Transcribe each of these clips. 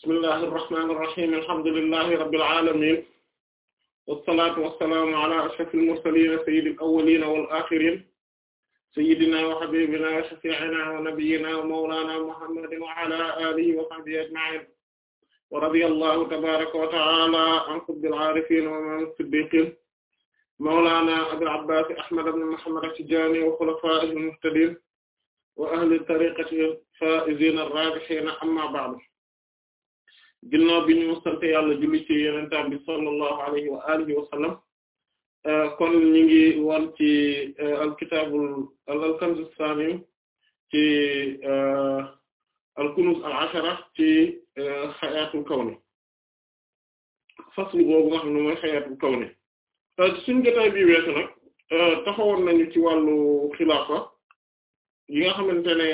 bismillahi irrahmani irrahim alhamdulillahi rabbil alamin wassalatu wassalaamu ala ashrafil mursalin sayyidil awwalin wal akhirin sayyidina wa habibina wa shafi'ina wa nabiyyina wa mawlana muhammadin wa ala alihi wa sahbihi ajma'in wa radiyallahu tabaraka wa ta'ala an qutbil arifin wa man siddiqin mawlana abil abbas ahmad ibn muhammad at-tijani wa khulafa'ihil muhtadin wa ahli tariqatihi al-fa'izin ar-rabihin amma ba'du ginnaaw bi ñu yàlla julli ci yenentaan bi sallallahu alayhi wa alihi wa sallam euh, kon ñu ngi ci euh, alkitaabul alkanzu saamim ci euh, alkunuz al ashara ci xayaatul kawni faslu boobu nga xam ne mooy xayaatul kawni suñu jotaay bi weesu nag taxawoon nañu ci wàllu xilaafa yi nga xamante ne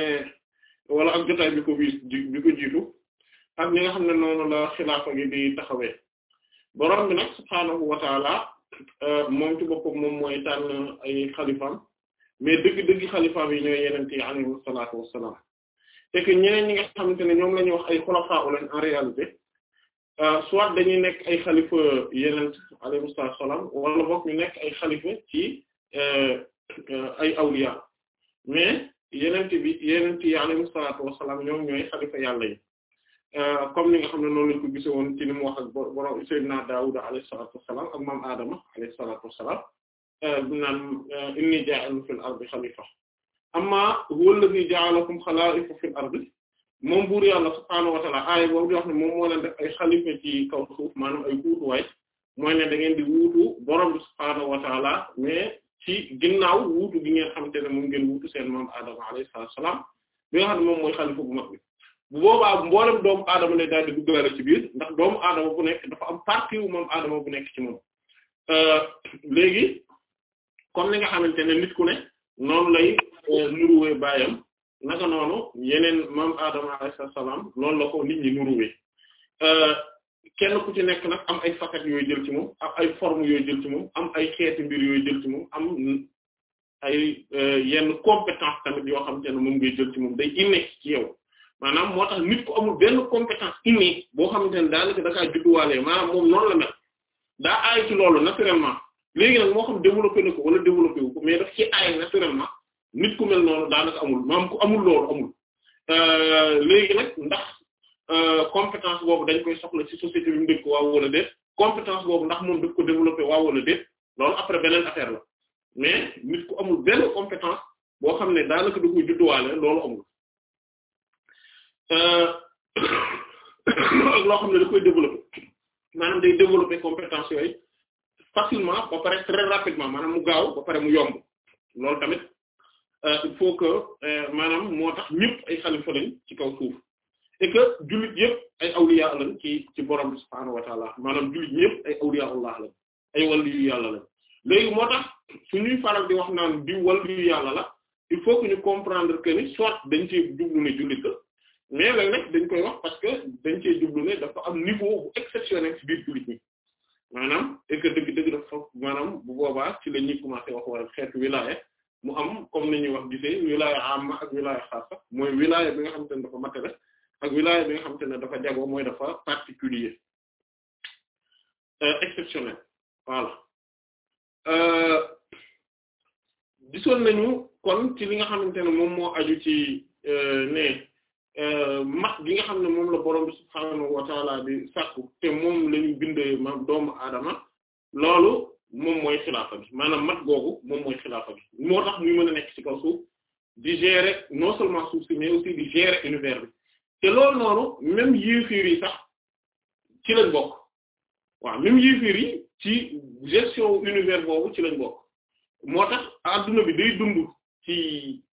wala ak jotaay bi ko bi jiitu am li nga xam ne noonu la xilaafa gi di taxawee borom bi nag subhaanahu wa taala euh, moom ci boppam moom mooy tànn ay xalifaam mais dëgg-dëgg xalifaam yi ñooy yenente yi alayhim salaatu wassalaam xamante ne ñoom la ñuy wax ay xulafaa lañ en réalité euh, soit dañuy nekk ay xalifa yeneen alayhi salaatu wassalaam wala boog ñu nekk ay xalifa ci euh, ay awliya mais yenente bi yenente yi alayhim salaatu wassalaam ñoom ñooy xalifa yàlla yi Euh, comme ni nga xam ne noonu lañ ko gise woon ci ni mu wax ak borom Seydina Daawuda alayhi salaatu ak maam Adama alayhi salaatu wassalaam euh, naan euh, inni jaa'ilun fil ardi xalifa amma huwa alladhi ja'alakum xalaa'ifa fil moom buur yàlla subhaanahu wa ta'aala aaya ne moom moo leen def ay xalifa ci kaw suuf maanaam ay wuutuwaay mooy ne da di wuutu borom bi subhaanahu mais ci ginnaaw wuutu gi ngeen xamante ne moom gen wuutu seen maam Adama alayhi salaatu wassalaam bi nga xam moom mooy xalifa bu mag bi bu boobaa mboolem doomu aadama lay daal di duggalale ci biir ndax doomu aadama bu nekk dafa am partie wu moom aadama bu nekk ci moom euh, léegi comme li nga xamante ne nit ku ne noonu lay euh, nuruwee baayam naka noonu yeneen maam aadama alayhi salaam noonu la ko nit ñi nuruwee euh, kenn ku ci nekk nag am ay fakat yooyu jël ci moom am ay yooyu jël am ay xeeti mbir yooyu jël ci moom am ay yenn compétence tamit yoo xam ne moom ngay jël ci moom day inné ci yow maanaam moo tax nit ku amul benn compétence innée boo xamante ne daanaka da kaa judduwaale maanaam moom noonu la mel daa aay ci loolu naturellement léegi nag moo xam développé na ko wala développé wu ko mais daf ci aay naturellement nit ku mel noonu daanaka amul maanaam ku amul loolu amul euh, léegi nag ndax euh, compétence boobu dañ koy soxla ci société bi mu dëkk waaw wala déet compétence boobu ndax moom daf ko développé waaw wala déet loolu après beneen affaire mais nit ku amul benn compétence boo xam ne daanaka da koy judduwaale loolu amul. Euh, ak loo xam ne da koy développer maanaam day développer compétence yooyu facilement ba pare très rapidement maanaam mu gaaw ba pare mu yomb loolu tamit euh, il faut que euh, maanaam moo tax ñëpp ay xalifa lañ ci kaw suuf et que jullit yëpp ay awliya lañ ci ci borom subhaanahu wa ta'ala maanaam jullit ñëpp ay awliya Allah lañ ay waliyu yàlla lañ léegi moo tax su ñuy faral di wax naan di waliyu yàlla la il faut que ñu comprendre que soit dañ ci jublu ne jullit mais léeg-léeg dañ koy wax parce que dañ cee jublu ne dafa am niveau bu exceptionnel ci biir jullit ñi maanaam et que dëgg-dëgg dafa maanaam bu boobaa ci la ñuy commencé wax wala xeetu wilaya mu am comme ni ñuy wax gisee wilaya amma ak wilaya mooy wilaya bi nga xamante ne dafa matériel ak wilaya bi nga ne dafa jagoo mooy dafa particulier euh, exceptionnel voilà euh, gisoon nañu kon ci li nga xamante ne moom moo aju ci euh, ne. Euh, mat gi nga xam ne moom la borom subhaanahu wa taala bi sàkku te moom lañuy bindee ma doomu aadama loolu moom mooy xilaafa bi maanaam mat googu moom mooy xilaafa bi moo tax muy mën a nekk ci kaw suuf di gérer non seulement suuf si mais aussi di gérer univers bi te lool noonu même yéefiir yi sax ci lañ bokk waaw même yéefiir yi ci gestion univers boobu ci lañ bokk moo tax adduna bi day dund ci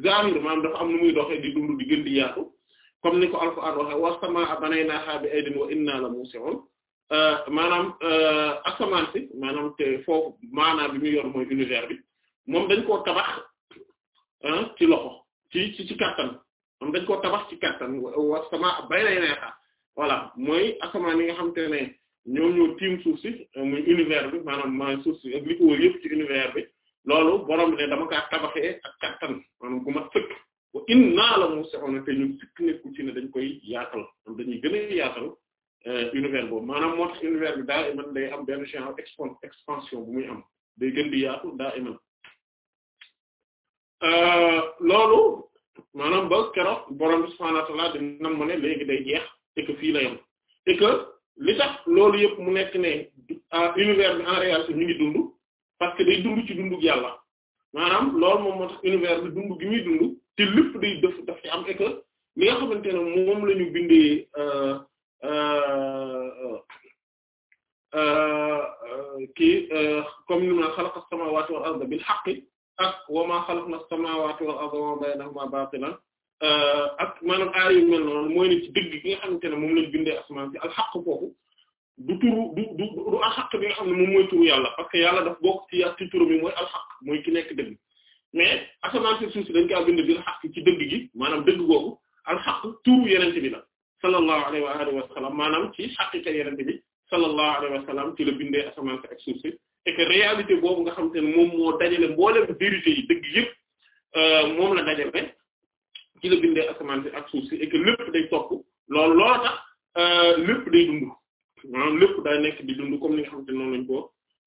zamir maanaam dafa am nu muy doxee di dund di gën di yaatu comme ni ko alquran waxee was-samaa'a banaynaahaa bi aydin wa innaa la muusi'uun euh, maanaam euh, asamaan si maanaam te foofu maanaam bi muy yor mooy univers bi moom dañ koo tabax ci loxo moom dañ koo tabax ci kattan was-samaa'a banaynaahaa voilà mooy asamaan yi nga xam te ne ñoo ñoo tiim suuf si muy univers bi maanaam ma suuf si ak li yëpp ci univers bi loolu borom ne dama kaa tabaxee ak kattan maanaam ma sëkk wa inna la musihuna te ñun sëkk nekku ci ne dañ koy yaatal dañuy gën a yaatal euh, univers boobu maanaam moo tax univers bi daa iman am benn genre expon expansion bu muy am day gën di euh, loolu maanaam ba keroog borom bi subhaanahu wa ta'aala dina ma ne léegi day jeex et fii la yem li tax loolu yëpp mu nekk ne euh, univers bi en réalité ñu ngi dund. parce que day dund ci dundug yàlla maanaam dund gi muy dund te day def daf ci am école li nga xamante ne moom lañu ñu bindee euh, euh, euh, kii comme ni ma xalaqa a samawati wal arda bil haqqi ak wa ma xalaqna as-samawati wal arda wa ma baynahuma batilan ak maanaam mel noonu mooy ne ci dëgg gi nga xamante ne moom lañ bindee asmaan bi al haqq foofu du turu du du du alxaq bi nga xam ne moom mooy turu yàlla parce que yàlla daf bokk ci yàlla ci turu bi mooy alxaq mooy ki nekk dëgg mais asamaan si suuf si dañ kaa bind bil ci dëgg gi maanaam dëgg googu alxaq turu yenente bi la sallallahu wa alihi wa maanaam ci xaqiqa yenente bi sallallahu alayhi la bindee asamaan si ak suuf si et boobu nga xam te ne moom moo dajale mboolem vérité yi dëgg yëpp euh, moom la dajale ci la bindee asamaan si ak suuf si et que lépp day topp loolu loola tax euh, lépp day dund maanaam lépp day nekk di dund comme ni nga xamante ne noonu lañ ko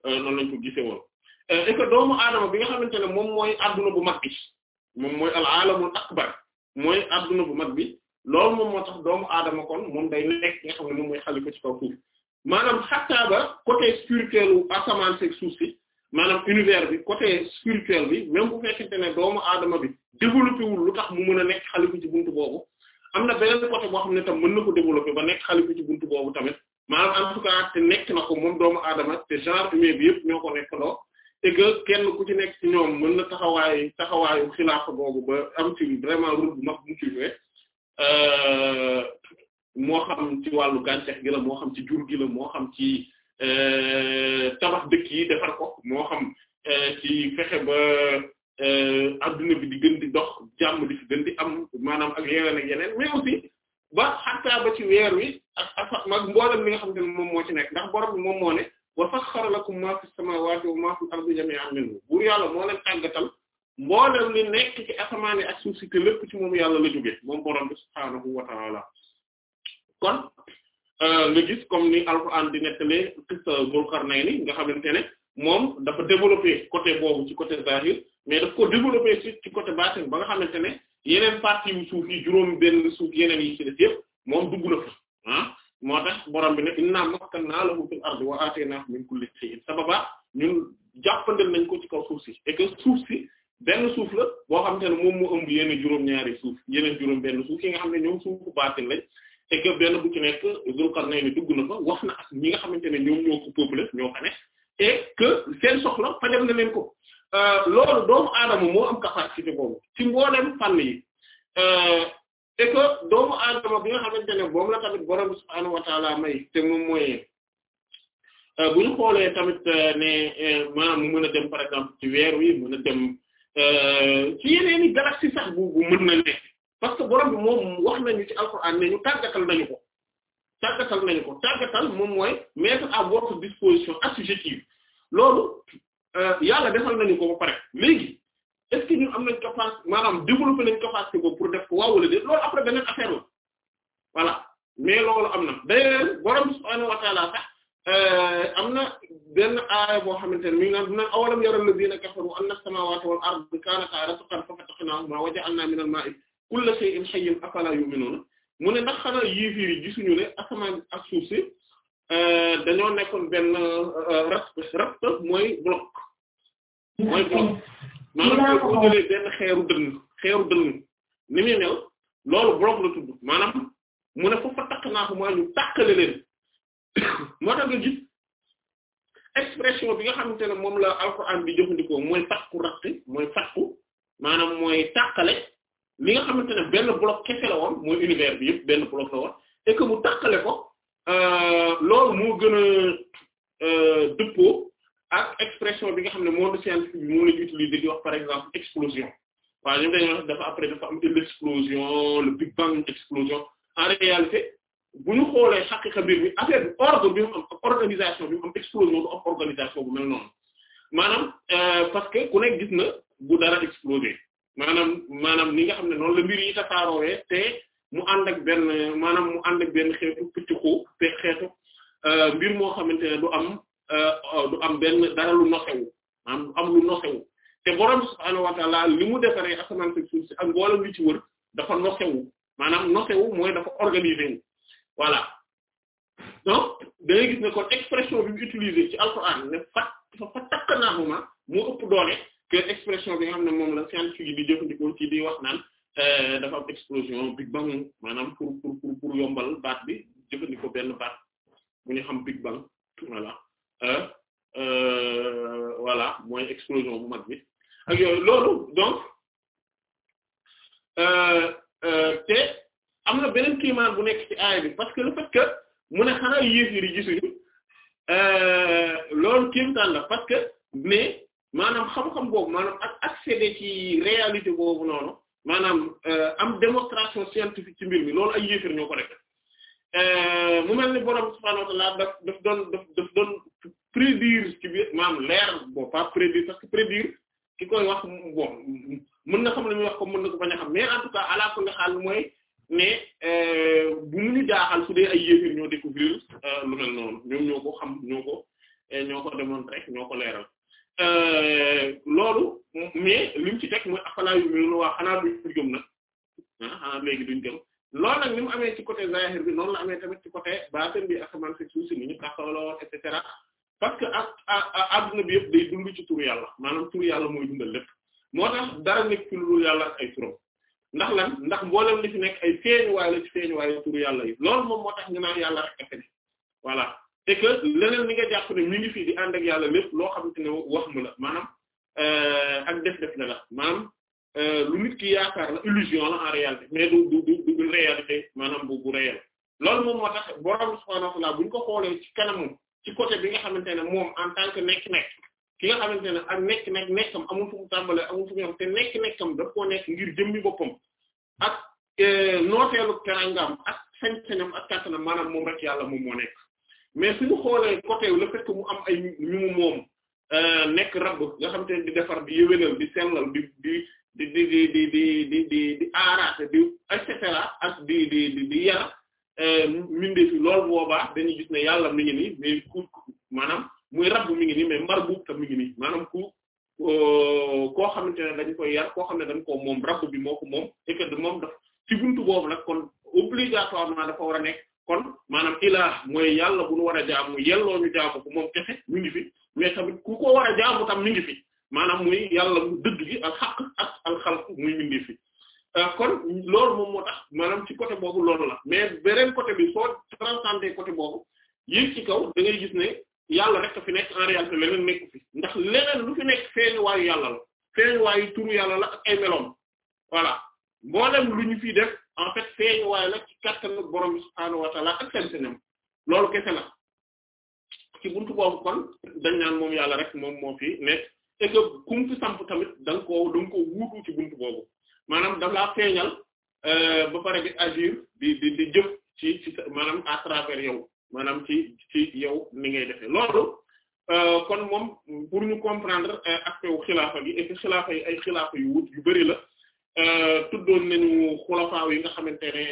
euh, noonu lañ ko gisee woon euh, et que doomu aadama bi nga xamante ne moom mooy àdduna bu mag bi moom mooy al alamul akbar mooy adduna bu mag bi loolu moom moo tax doomu aadama kon moom day nekk nga xam ne moom mooy xalifa ci kaw suuf maanaam xattaa ba côté spirituel wu asamaan seeg suuf si maanaam univers bi côté spirituel bi même bu fekkente ne doomu aadama bi développé wul lu tax mu mën a nekk xalifa ci buntu boobu am na beneen côté boo xam ne tam mën na ko développer ba nekk xalifa ci buntu boobu tamit maanaam en te nekk na ko moom doomu aadama te genre humain bi yëpp ñoo ko nekkandoo et que kenn ku ci nekk ci ñoom mën na taxawaayu taxawaayu xilaafa boobu ba am ci vraiment rôle mag bu ci joué euh, moo xam ci wàllu gàncax gi la moo xam ci jur gi la moo xam ci euh, tabax dëkk yi defar ko moo xam euh, ci fexe ba adduna bi di gën di dox jàmm di fi gën di am maanaam ak yeneen ak yeneen mais aussi ba xataa ba ci weer wi. ak ak ak mboolem nga xam ne moom moo ci nekk ndax borom moom moo ne wa sakhkhara lakum ma fis samawati wa ma fil yàlla moo leen tàggatal mboolem li nekk ci asamaan lépp ci moom yàlla la jóge moom borom bi subhaanahu wa ta'ala kon euh, nga gis comme ni alxuraan di nettali nga xamante ne moom dafa développé côté boobu ci côté zahir mais daf ko développé ci ci côté baatin ba nga xamante ne yeneen partie yu suuf yi juróom benn suuf yeneen yi ci def yëpp moom dugg na fa ah moo tax borom bi ne inna makkanna lahu fil ardi wa ataynahu min kulli shay'in sababa ñun jàppandal nañ ko ci kaw suuf si et que suuf si benn suuf la boo xam te moom moo ëmb yenn juróom-ñaari suuf yeneen juróom-benn suuf yi nga xam ne ñoom suufu baatin lañ et que benn bu ci nekk Zul Qarnayni dugg na fa wax na ak ñi nga xamante ne ñoom ñoo ko peuplé ñoo fa ne et que seen soxla fajal na leen ko euh, loolu doomu aadama moo am capacité boobu ci mboolem fànn yi. Euh, te que doomu aadama bi nga xamante ne moom la tamit borom subhaanahu wa taala may te moom mooy euh, bu xoolee tamit euh, ne euh, maanaam mu mën a dem par exemple ci weer wi mën a dem ci yeneeni galaxie sax bu mën na nekk parce que borom bi moom wax nañu ci alxuraan ne ñu tàggatal nañu ko tàggatal nañu ko tàggatal moom mooy mettre à votre disposition assujettive loolu yàlla defal nañu ko ba pare léegi est ce que ñun am nañ capacité maanaam développé nañ capacité boobu pour def ko waaw wala loolu après beneen affaire la voilà loolu am na d'ailleurs borom subhaanahu wa ta'aala sax euh, am na benn aaya boo xamante ne mi ngi naan dina awalam yara allaziina kafaru anna as-samaawaati wal arda kaanataa ratqan fafataqnaahumaa wa ja'alnaa minal maa'i kulla shay'in hayyin afalaa yu'minuun mu ne ndax euh, nekkoon benn euh, mooy bloc mooy bloc maanaam bu loolu bloc la tudd maanaam bi nga xamante ne moom la alxuraan bi jëfandikoo mooy takku rakk mooy takku maanaam mooy takkale li nga xamante ne benn bloc kese la woon mooy univers bi yëpp benn bloc la woon et que takkale ko euh, loolu moo gën euh, dëppoo ak expression bi nga xam ne monde scientifique bi moom la ñu di wax par exemple explosion waaw ñoom dañoo dafa après dafa am l'explosion le big bang explosion en réalité bu ñu xoolee xaqiqa mbir mi affaire bi ordre bi mu organisation bi am explosion du am organisation bu mel noonu maanaam euh, parce que ku nekk gis na bu dara exploser maanaam maanaam ni nga xam ne noonu la mbir yi tasaaroowee te mu ànd ak benn maanaam mu ànd ak benn xeetu pëcc euh, mbir moo xamante ne du am Euh, euh, du am benn dara lu noxewu maanaam du am lu noxewu te borom bi li mu defaree asamaan si suuf si ak mboolem li ci wër dafa noxewu maanaam noxewu mooy dafa organisé wu voilà mu utilisé ci alxuraan ne fat fa takk naa huma moo ëpp doole que expression bi nga xam ne moom la scientifique yi di jëfandikoo ci di wax naan euh, dafa am explosion big bang maanaam pour pour pour yombal baat bi jëfandikoo benn baat bu ñu xam big bang voilà Euh, euh, voilà mooy explosion bu mag bi ak yooyu loolu donc euh, te am na beneen climat bu nekk ci aaya bi parce que le fait que mu ne xanaa yéefir yi gisuñu loolu kéemtaan la parce que mais maanaam xam-xam boobu maanaam ak accéder ci réalité boobu noonu maanaam am démonstration scientifique ci mbir mi loolu ay yéefir ñoo ko rek Euh, mu mel ni borom subhaanahu wa ta'aala daf daf doon daf daf doon prédire ci biir maanaam leer bon pas prédire parce que prédire ki koy wax bon mën na xam ne muy wax ko mën na ko bañ a xam nga xaal mooy ne euh, bu mu ñu jaaxal su dee ay yéefir ñoo découvrir euh, lu mel noonu ñoom ñoo ko xam ñoo ko eh, ñoo ko démontrer ñoo ko leeral loolu mais li mu ci teg mooy afalaa yu mel waa ah, xanaa léegi duñ gëm. lool nag ni mu amee ci côté zahir bi noonu la amee tamit ci côté baatin bi asamaan si suuf si ni ñu taxawloo et cetera parce que ak bi yëpp day dund ci turu yàlla maanaam turu yàlla mooy dundal lépp moo tax dara nekk ci lu yàlla ak ay turam ndax lan ndax mboolem li fi nekk ay feeñuwaay la ci feeñuwaayu turu yàlla yi lool moom moo tax ñu naan yàlla rek affaire voilà c'est que leneen li nga jàpp ne mi ngi fii di ànd ak yàlla lépp loo xamante ne wax mu maanaam euh, ak la la Euh, lu nit ki yaakaar la illusion la en réalité mais du du réalité maanaam bu bu réel loolu moom moo tax borom subhaanahu wa bu ñu ko xoolee ci kanamam ci côté bi nga xamante ne moom en tant que nekk-nekk xamante ne ak nekk-nekk nekkam amul fu nekk-nekkam daf koo nekk ngir jëmmi boppam ak euh, nooteelu ak sañ-sañam moom rek yàlla moom moo nekk mais suñu xoolee côté le fait mu am ay ñu moom euh, nekk rabb nga xamante ne di defar di yëwénal di sellal di di di di di di di di aaraate di ak di di di di yara eh, mindee fi loolu boobaa dañu gis ne yàlla mi ngi nii mais ku maanaam muy rab mi ngi nii mais mbar buub tam mi ngi nii maanaam ku euh, koo te ne dañ koy yar koo xam ne dañ ko moom rab bi moo ko moom et moom ci buntu boobu nag kon obligatoirement dafa war a nekk kon maanaam ilaa mooy yàlla bu ñu war a jaamu yelloo ñu jaamu ko moom kese mi ngi fi mais tamit ku ko war a jaamu tam mi ngi fi maanaam muy yàlla mu dëgg gi ak xaq ak muy indi fi euh, kon loolu moom moo tax maanaam ci côté boobu loolu la mais beneen côté bi soo transcender côté boobu yéeg ci kaw da gis ne yàlla rek fi nekk en réalité leneen nekku fi ndax leneen lu fi nekk feeñuwaayu yàlla la feeñuwaayu turu yàlla la ak ay meloom voilà dem lu ñu fiy def en fait feeñuwaay la ci kattanu borom subhaanahu wa ta'ala ak seen senam loolu kese la ci buntu boobu kon dañ naan yàlla et que kum fi samp tamit da ko koo da nga ci buntu boobu maanaam daf laa feeñal euh, ba pare di agir di di di jëf ci ci maanaam à travers yow maanaam ci ci yow ni ngay defee loolu euh, kon moom pour ñu comprendre euh, aspect wu xilaafa gi et que xilaafa yi ay xilaafa yu wut yu bari la tuddoon nañu xulafaa yi nga xamante ne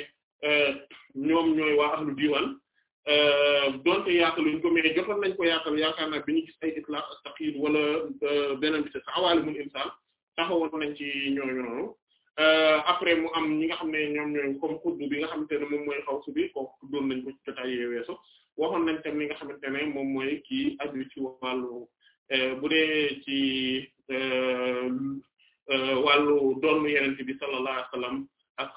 ñoom ñooy waa ahlu diiwaan Euh, donte yaakaluñ ko mais jotoon nañ ko yaakal yaakaar naa bi ñu gis ay itlaq astaqil wala euh, beneen bi te awaalimul insaan taxawoon nañ ci ñooñu euh, après mu am ñi nga xam ne ñoom ñooy comme xuddu bi nga xamante ne moom mooy xaw su bi kooku tuddoon nañ ko ci jotaay weesu waxoon nañ tam li nga xamante ne moom mooy kii aju ci wàllu bu dee ci wàllu doonu yeneen bi sallallahu alayhi wasallam ak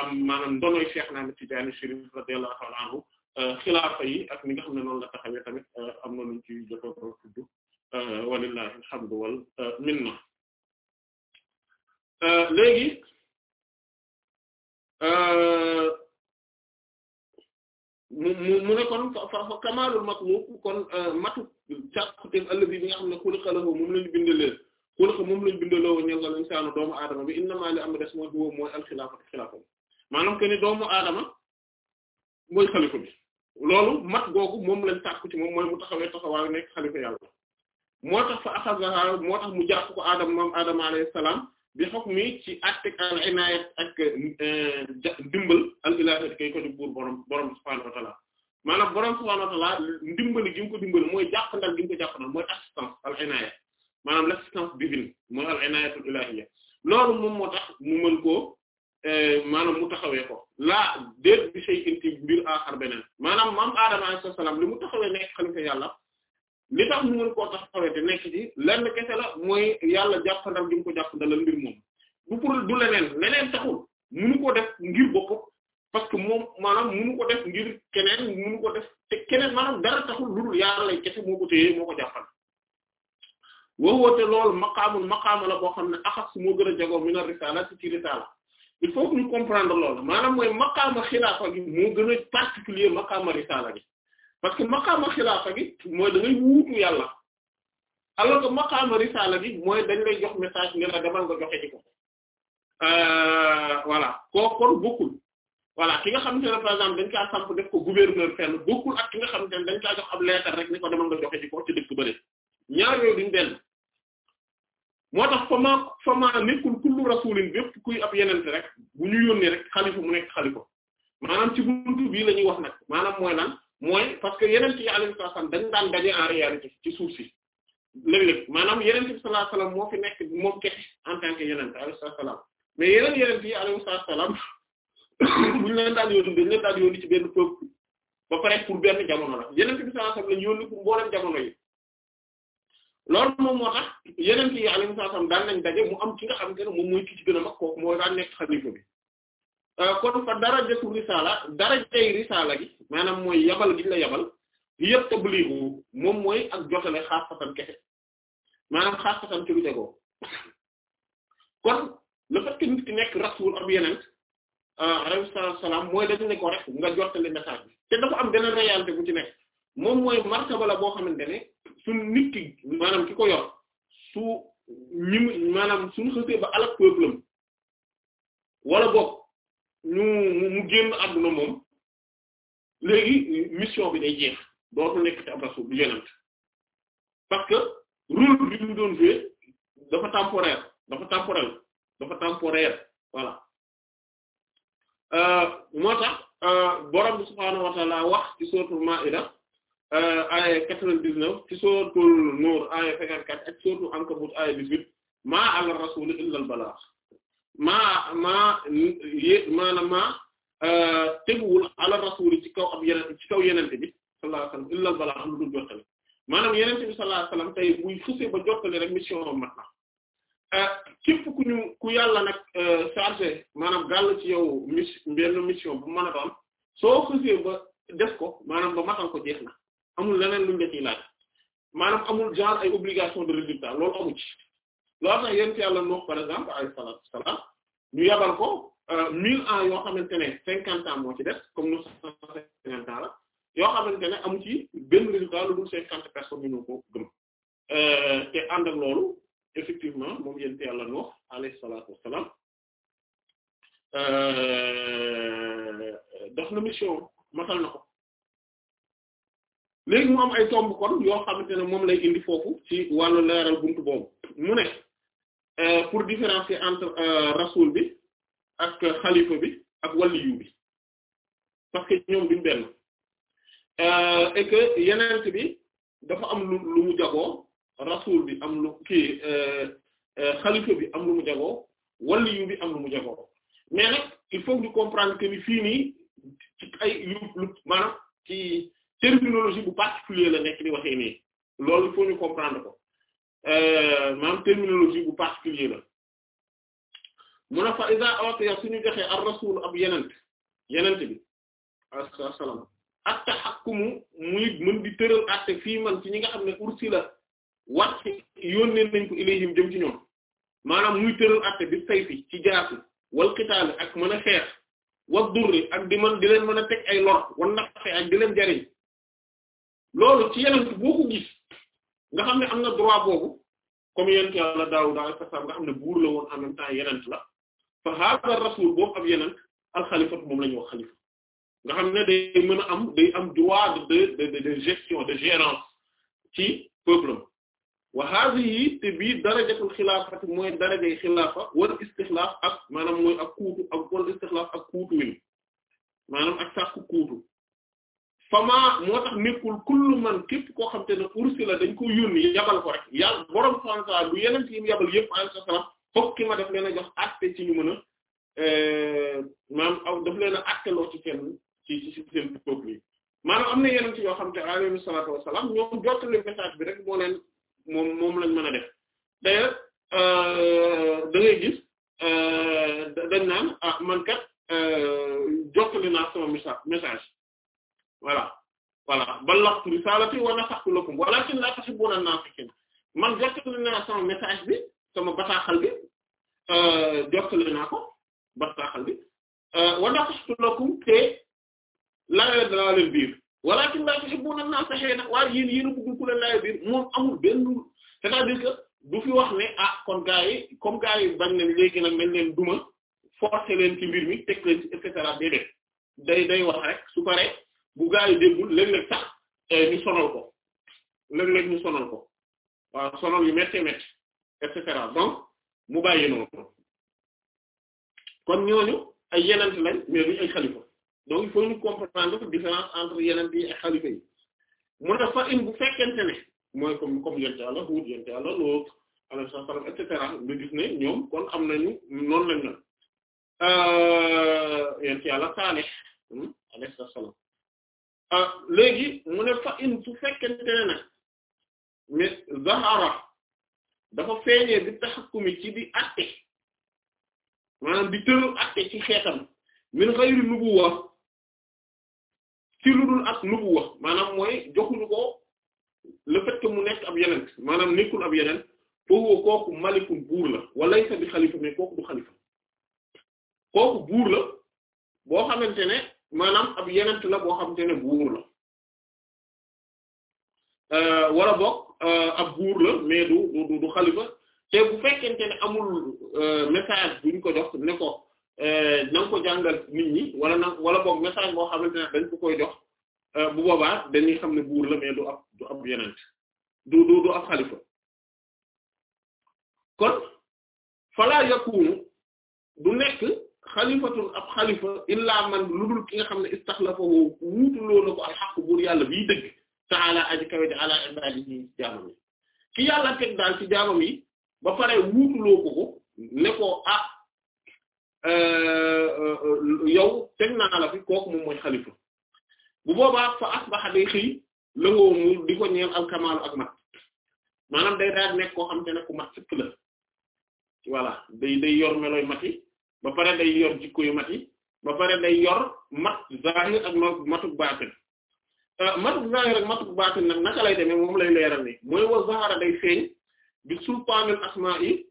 am maanaam doonoy Cheikh Ahmad Tidiane Chérif radiyallahu ta'ala anhu Euh, xilaafa yi ak ni nga xam ne noonu la taxawee tamit euh, am na luñ ci jotoon tudd euh, walillahi alhamdu wal minna léegi mu ne kon fa fa kamaalul matlub kon matu càkkutéef allazi bi nga xam ne xuliqa lahu moom lañ bindalee xuliqa moom lañ bindalee woo ñeel insaanu doomu aadama bi innamaa am des mooy mooy alxilaafa xilaafa bi maanaam que ni doomu aadama mooy xalifa bi loolu mat googu moom lañ sàkku ci moom mooy mu taxawee taxawaayu nekk xalifa yàlla moo tax fa axasaha moo tax mu jàpp ko aadama moom aadama alayhi salaam bi hukmi ci attik al inayat ak euh, ndimbal al ilahi kay ko di borom borom subhaanahu wa ta'ala maanaam borom subhaanahu wa ta'ala ndimbali gi ko dimbali mooy jàppandal gi mu ko jàppandal mooy assistance al inayat maanaam l' divine mooy al inayatul ilahiyya loolu moom moo tax mu mën koo Eh, maanaam mu taxawee ko laa déet bi say inti mbir aaxar beneen maanaam maam Adama alayhi salaam li mu taxawee nekk xalifa yàlla li tax mu mën koo taxawee te nekk ci lenn kese la mooy yàlla jàppandal gi mu ko jàppandalal mbir moom du pour du leneen leneen taxul munu ko def ngir bopp parce que moom maanaam munu ko def ngir keneen munu ko def te keneen maanaam dara taxul lu dul yàlla lay kese moo ko téye moo ko jàppal wowoote loolu maqaamul maqaama la boo xam ne axas moo gën a jagoo min ar-risaala ci il faut que ñu comprendre loolu maanaam mooy maqaama xilaafa gi moo gën a particulier maqaama risaala gi parce que maqaama xilaafa gi mooy yàlla alors que maqaama risaala gi mooy dañ lay jox message ne la demal nga joxe ci ko euh, voilà kooku kon bokkul voilà ki nga xamante ne par exemple dañ kaa samp def ko gouverneur fenn bokkul ak ki nga xam ne dañ kaa jox ab lettre rek ni ko demal nga joxe ci ko ci dëkk bëri ñaar yooyu duñ benn moo tax fa maa fa maa nekkul kullu rasulin bépp kuy ab yenente rek bu ñu yónnee rek xalifa mu nekk xalifa maanaam ci buntu bii la ñuy wax nag maanaam mooy lan mooy parce que yenente yi alayhi salaam dañ daan daje en réalité ci suuf si léeg-léeg maanaam yenente bi sallallahu alayhi wasallam moo fi nekk moom kese en tant que yenente salaam yeneen yenente yi alayhi salaam bu ñu leen daan yónni dañ leen daan yónni ci benn peuple ba pare pour benn jamono la yenente bi sallallahu alayhi wasallam lañu yónni pour jamono yi loolu moom moo tax yeneen yi alayhi salaam daan nañ daje mu am ki nga xamante ne moom mooy ki ci gën a mag kooku mooy daan nekk xalifa bi euh, kon fa darajatu maanaam mooy yabal gi ñu la yabal yëpp tabliigu moom mooy ak jotale xaasatan kese maanaam xaasatan ci lu tegoo kon le fait que nit ki nekk rasul ab yeneen euh, alayhi salaam mooy dañu ne rek nga jotale message bi te dafa am beneen réalité bu ci nekk. moom mooy martaba la boo xamante ne suñ nit ki maanaam ki ko yor su ñi maanaam suñ xësee ba alak peuple wala boog ñu mu génn àdduna moom léegi mission bi day jeex dootu nekk ci ab rasul bu parce que rôle bi doon jouer dafa temporaire dafa temporel dafa temporaire voilà euh, moo tax euh, borom bi subhaanahu wa wax ci suratul maa'ida aaya euh, 99 ci sóoratul Nuur aaya 54 ak sóoratul Ankabut aaya 18 maa ala rasuuli illa al balaax maa maa yé maanaam euh, teguwul ala rasuuli ci kaw ab yeneen ci kaw yeneen bi sallallahu alayhi wa sallam bi sallallahu alayhi wa ba jottali rek mission am mat na euh, képp ku ñu ku yàlla nag chargé maanaam gàll ci yow mission bu mën a soo xusee ba def ko maanaam ba matal ko jeex na. amul leneen luñ la ciy laaj maanaam amul genre ay obligation de résultat loolu amu ci loolu nag yéen ci yàlla noox ko euh, mille ans xamante ne cinquante ans moo ci def comme neuf la yoo xamante ne amu ci benn résultat lu dul cinquante personnes yu ñu ko gëm euh, te ànd loolu effectivement moom yéen ci yàlla noox alayhi wassalaam euh, def na mission matal na ko. léegi mu am ay tomb kon yoo xamante ne moom lay indi foofu ci wàllu leeral buntu boobu mu ne euh, pour différencier entre euh, rasul bi ak xalifa bi ak waliyu bi parce que ñoom duñ benn euh, et bi dafa am lu lu mu jagoo rasul bi am lu kii xalifa bi am lu mu jagoo waliyu bi am lu mu jagoo mais nag il faut ñu comprendre que fii nii ci ay lu maanaam ci terminologie bu particulier la nekk di waxee nii loolu il ñu comprendre ko euh, maanaam terminologie bu particulier la mun a fa iza utiya suñu joxee ar rasul ab yenent yenent bi asalaam ak tahakkumu muy mën di tëral àtte fii man ci ñi nga xam ne ursila wax yónnee nañ ko ilayhim jëm ci ñoom maanaam muy tëral àtte bi sayfi ci jaasi wal qitaal ak mën a xeex wa durri ak di mën di leen mën a teg ay lor wan naqfe ak di leen jariñ loolu ci yeneen boo ko gis nga xam ne am na droit boobu comme yenent yàlla Daawuda alayhi salaam nga xam ne buur la woon en même temps yenent la fa hada rasul boobu yenent alxalifatu moom la ñu wax xalifa nga xam ne day mën a am day am droit de de de gestion de gérance ci peuple wa haadihi te bii darajatul xilaafati xilaafa wala istixlaaf ak maanaam mooy ak kuutu ak wala istixlaaf ak kuutu win ak sàkku kuutu fama moo tax nekkul kullu man képp koo xam te ne ursila dañ ko yónni yabal ko rek yàlla borom subhaanahu wa ta'aala bu yeneen yi mu yabal yëpp alayhi salaam fokk ki ma daf leen a jox àtte a euh, maanaam aw daf leen a àtteloo ci seen ci ci seen peuple yi maanaam am na yeneen ci yoo xam te alayhi salaatu ñoom jottali message bi rek moo leen moom moom lañ mën a def d'ailleurs euh, da ngay gis euh, dañ naan ah, man kat jottali naa sama message. voilà voilà ballaghtu risalati wa nasahtu lakum walakin la tuhibbuna an-nasihin man naa sama message bi sama bataaxal bi euh, jottali naa ko bataaxal bi euh, wa nasahtu lakum te laayo danaa leen biir walakin la tuhibbuna an-nasihin waaye yéen yéen a bëggul ku leen biir moom amul benn c'est-à-dire que du fi wax ne ah kon gaa yi comme gaa yi bañ nañ léegi nag nañ leen duma forcer leen ci mbir mi teg ci et cetera déedéet day day wax rek su paree bu gaa yi déggul léeg-léeg tax eh, ñu sonal ko léeg-léeg ñu sonal ko waaw sonal yu métti métti et donc mu bàyyi noonu kon ñooñu ay yenent lañ mais duñ ay xalifa donc il ñu comprendre différence entre yenent yi ak xalifa yi mu ne fa in bu fekkente ne mooy comme comme yente àlla Huud yente àlla Luut alayhi salaam et cetera nga ne ñoom kon am nañu noonu lañ na euh, yent yàlla Saalih hmm, alayhi salaam Euh, léegi mu ne fa in su fekkente nag mais zahara dafa feeñee bi taxakkumi ci di atte maanaam di tëral atte ci xeetam min xayri nubuwa ci lu dul ak nubuwa maanaam mooy joxuñu ko le fait mu nekk ab yeneen maanaam nekkul ab yeneen foofu kooku malikul buur la walaysa bi xalifa mais kooku du xalifa kooku buur la boo xamante ne maanaam ab yenent la boo xam ne buur la euh, wala boog euh, ab buur la mais du du du xalifa te bu fekkente ne amul euh, message buñ ko jox ne ko na nga ko jàngal nit ñi wala na wala boog message boo xamante ne dañ koy jox bu boobaa dañuy xam ne buur la mais du ab yenent du du ab xalifa kon fala yakunu du nekk xalifatun ab xalifa illaa man lu dul ki nga xam ne istaxlafahu wuutuloo na ko alxaq buur yàlla bii dëgg ta'ala aji kawe ji ala ibadihi ci jaamam yi ki yàlla teg daal ci jaamam yi ba pare wuutuloo ko ko ne ko ah, euh, euh, yow teg naa la kooku moom mooy xalifa bu fa asbaxa day xëy lëngoo mu di ko ñeel al ak mat maanaam day daal nekk koo xam te ne ku mat sëkk la voilà day day yor melooy mat ba pare day yor jikko yu mat yi ba pare day yor mat zahir ak matuk baatin euh, matuk zahir ak matuk baatin nag naka lay demee moom lay leeral ni mooy wa zahara day feeñ bi sultaanul asmaa yi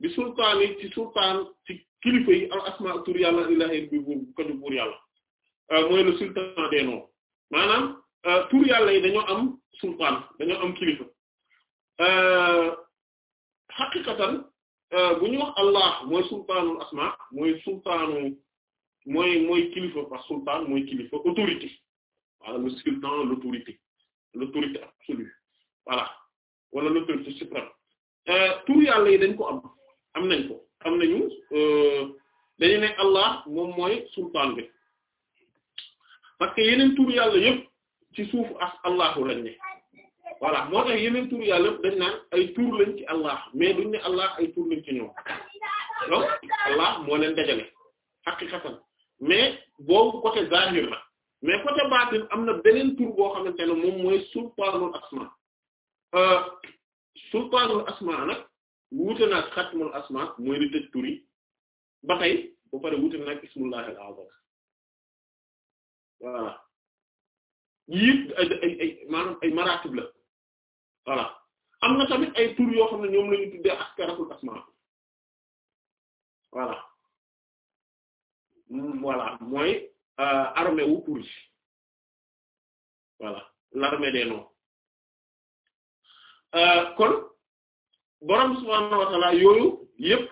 bi sultaan ci sultaan ci kilifa yi al asmaa tur yàlla ilahi bi buur ko du buur yàlla euh, mooy le sultan des noms maanaam euh, tur yàlla yi dañoo am sultaan dañoo am kilifa xaqiqatan Euh, bu ñu allah mooy sultaanul asma mooy sultaanu mooy mooy kilifa par sultaan mooy kilifa autorité voilà le sultan l'autorité l'autorité absolue voilà wala l'autorité suprême euh, tur yàlla yi dañ ko am am nañ ko am nañu euh, dañu ne allah moom mooy sultaan bi parce que yeneen tur yàlla yëpp ci suufu as allahu lañ ne voilà moo tax yeneen tur yàlla dañ naan ay tur lañ ci allah mais duñ ne allah ay tur lañ ci ñoom allah moo leen dajale haqiqatan mais boobu côté zahir la mais côté baatin am na beneen tur boo xamante ne moom mooy sultaanul asma euh, sultaanul asma nag wuute naag xatmul asma mooy di tëj ba tey ba pare wuute naag ismullahi al azam voilà ay maanaam ay maratib la voilà am na tamit ay tur yoo xam ne ñoom la ñu tuddee askaratul asma voilà mm, voilà mooy euh, armée wu tur yi voilà l'armée des euh, kon borom subhaanahu wa ta'ala yooyu yëpp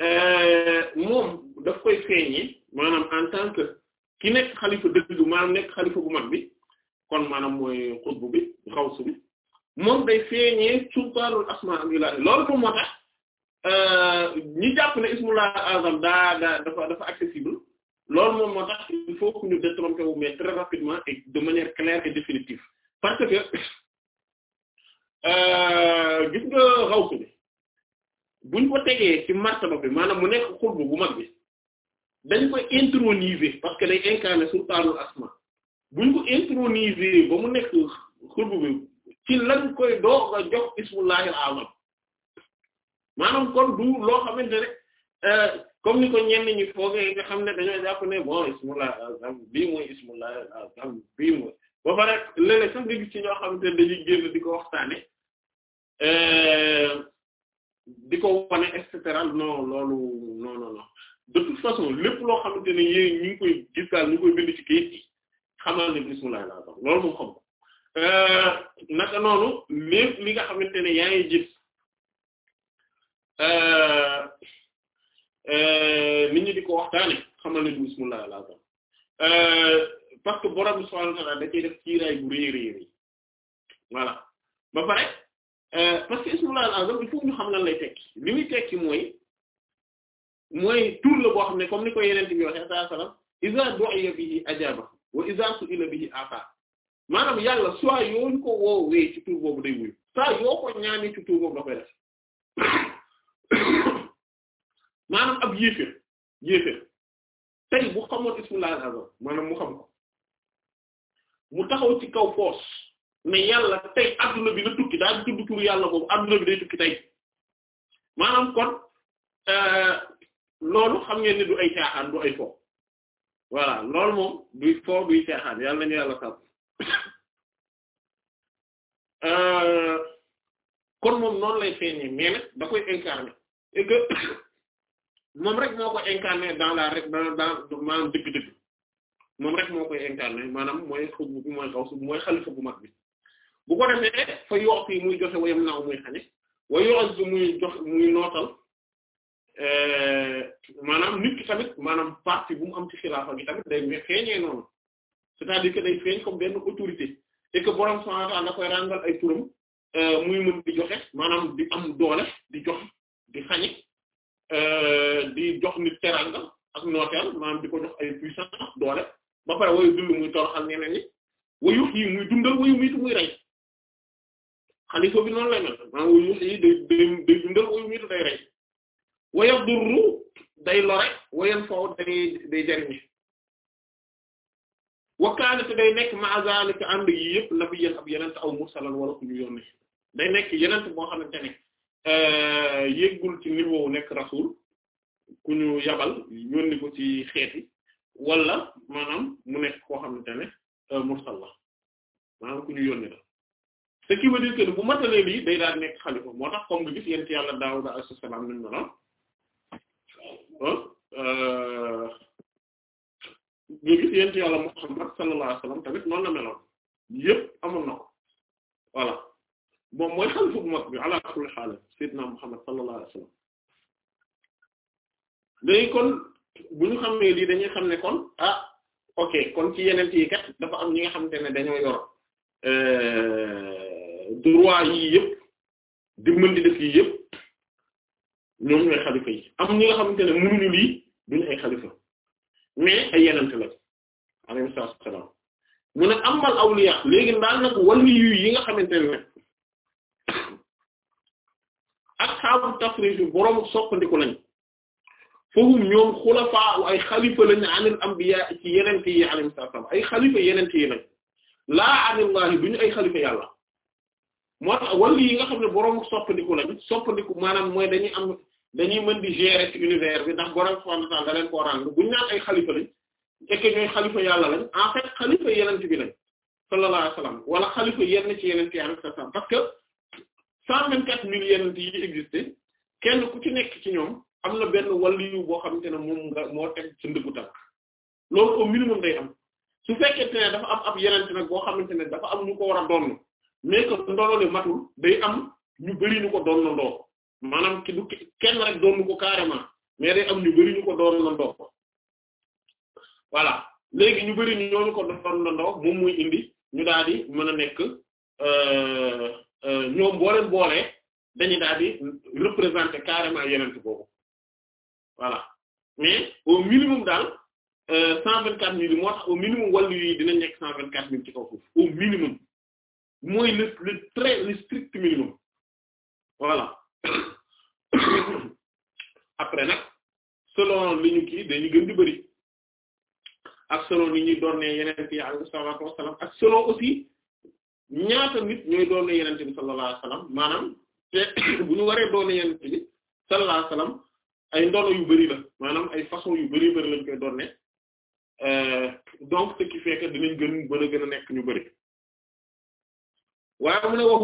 euh, moom daf koy feeñee maanaam en tant que ki nekk xalifa dëgg maanaam nekk xalifa bu mag bi kon maanaam mooy xutbu bi xawsu bi moom day feeñee sultaanul asmaa illaahi loolu ko moo tax euh, ñi jàpp ne ismullah azam daa daa dafa dafa accessible loolu moom moo tax il faut que ñu détromper mais très rapidement de manière claire et parce que euh, gis nga xaw bi buñ ko tegee ci martaba bi maanaam mu nekk xutbu bu mag bi dañ koy introniser parce que day incarner sultaanul asmaa buñ ko introniser ba mu nekk xutbu bi ci lan koy doog a jox ismullahil azam maanaam kon du loo xamante ne euh, comme ni ko ñenn ñi foogee nga xam ne dañoo jàpp ne bon ismullahil azam bii mooy ismullahil azam bii mooy ba pare léeg sax nga gis ci ñoo xamante ne dañuy génn di ko waxtaane euh, di ko wane et cetera non loolu non non non de toute façon lépp loo xamante ne ñu koy gis ñu koy bind yi xamal ne bismillah la loolu moom xam Euh, naka noonu lépp li nga xamante ne yaa ngi gis euh, euh, nit ñi di ko waxtaane xamal nañu bismillah alazim parce que borom subhanahu wa ta'ala da cey def kiiraay bu rëy rëy rëy voilà ba pare parce que bismillah alazim il faut ñu xam lan lay tekki li muy tekki mooy mooy tur la boo xam ne comme ni ko yeneen bi waxee sallallahu alayhi wasallam iza du'iya bihi ajaba wa iza su'ila bihi afa maanaam yàlla soit yooyu ko woowee ci tur boobu day wuyu soit yoo ko ñaanee ci tur boobu da koy def maanaam ab yéeféer yéeféer tey bu xamoon ismullahi azam maanaam mu xam ko mu taxaw ci kaw foos ne yàlla tey adduna bi na tukki daal di tudd tur yàlla boobu adduna bi day tukki tey maanaam kon euh, loolu xam ngeen ne du ay caaxaan du ay fo voilà loolu moom du fo duy caaxaan yàlla nañu yàlla sàpp Euh, kon moom noonu lay feeñee mais da koy incarner et moom rek moo ko incarner dans rek dans dans maanaam dëgg-dëgg moom rek moo koy incarner maanaam mooy xutbu mooy xaw su mooy xalifa bu mag bi bu ko defee fa yokk yi muy joxe wayam naaw muy xane way yoos bi muy jox muy nootal euh, maanaam nit ki tamit maanaam parti bu mu am ci xilaafa gi tamit day feeñee noonu c'est-à-dire que day feeñ comme benn autorité et que borom subhaanahu wa ta'aala da koy ràngal ay turam euh, muy mën di joxe maanaam di am doole di jox di xañe euh, di jox nit teranga ak nooteel maanaam di ko jox ay puissance doole ba pare wayu dund muy toroxal ñeneen ñi wayu yi muy dundal wayu miitu muy rey xalifa bi noonu lay mel maanaam wayu yi day dundal wayu miitu day rey waya durru day lore wayan faw day day jariñ wa kaana te day nekk ma'a zaalika ànd yi yëpp nabiyyan ab yenent aw mursalan wala ku ñu yónni day nekk yenent boo xamante ne euh, ci niveau nekk rasul ku ñu yabal yónni ko ci xeeti wala maanaam mu nekk koo xamante ne euh, mursal la maanaam ku ñu yónni la ce qui veut dire bu matalee lii day daal nekk xalifa moo tax comme gis yent yàlla Daawuda alayhi salaam nañ ma noon nga gis yent yàlla Muhammad sallallahu alayhi wasallam tamit noonu la meloon yépp amoon na ko voilà moom mooy xalifa bu mag bi ala kulli haal léegi kon bu ñu xam ne lii dañuy xam ne kon ah ok kon ci yeneen yi kat dafa am ñi nga xamante ne dañoo yor euh, droit yii yëpp di def yii yëpp ñoom ñooy xalifa yi am ñi nga xamante ne mënuñu lii duñu ay xalifa mais ay yenente la alayhi salaam mu ne amal awliya léegi daal nag wàllu yu yi nga xamante ne ak xaabu tafriij yu borom soppandiku lañ fahum ñoom xulafaa ay xalifa lañ anil anbiya ci yenente yi ay xalifa yenente yi lañ laa anillahi duñu ay xalifa yàlla moo tax wàllu yi nga xam ne borom soppandiku lañ soppandiku maanaam mooy dañuy am. dañuy mën di gérer ci univers bi ndax borom subhanahu wa ta'ala da leen koo ràng bu naan ay xalifa lañ fekke ñooy xalifa yàlla lañ en fait xalifa yenent bi lañ sallallahu alayhi wasallam wala xalifa yenn ci yenent yi cent vingt quatre mille yenent yi di kenn ku ci nekk ci ñoom am na benn waliyu boo xamante ne moom nga moo teg ci ndëggu tànk loolu au minimum day am su fekkente ne dafa am ab yenent nag boo xamante ne dafa am ñu ko war a doon mais que ndono li matul day am ñu bari ñu ko doon na ndoo maanaam ki du kenn rek doonu ko carrément mais day am ñu bari ñu ko doon na ndox voilà léegi ñu bari ñu ñooñu ko doon na ndox moom muy indi ñu daal mën a nekk euh, euh, ñoom boo leen dañu daal représenter carrément yeneen boobu voilà mais au minimum daal euh, cent vingt quatre mille moo tax au minimum wàllu yi dina nekk cent vingt quatre mille ci kaw foofu au minimum mooy le le très le minimum voilà après nag selon li ñu kii dañu gën di bëri ak selon li ñuy doon ne yeneen yi alayhi ak selon aussi ñaata nit ñooy doon ne yeneen bi sallallahu alayhi wasallam maanaam te bu ñu waree doon ne yeneen bi sallallahu alayhi wasallam ay ndono yu bëri la maanaam ay façon yu bëri bëri lañ koy doon ne euh, donc ce qui fait que gën mën a gën a nekk ñu bari waaye mu ne wa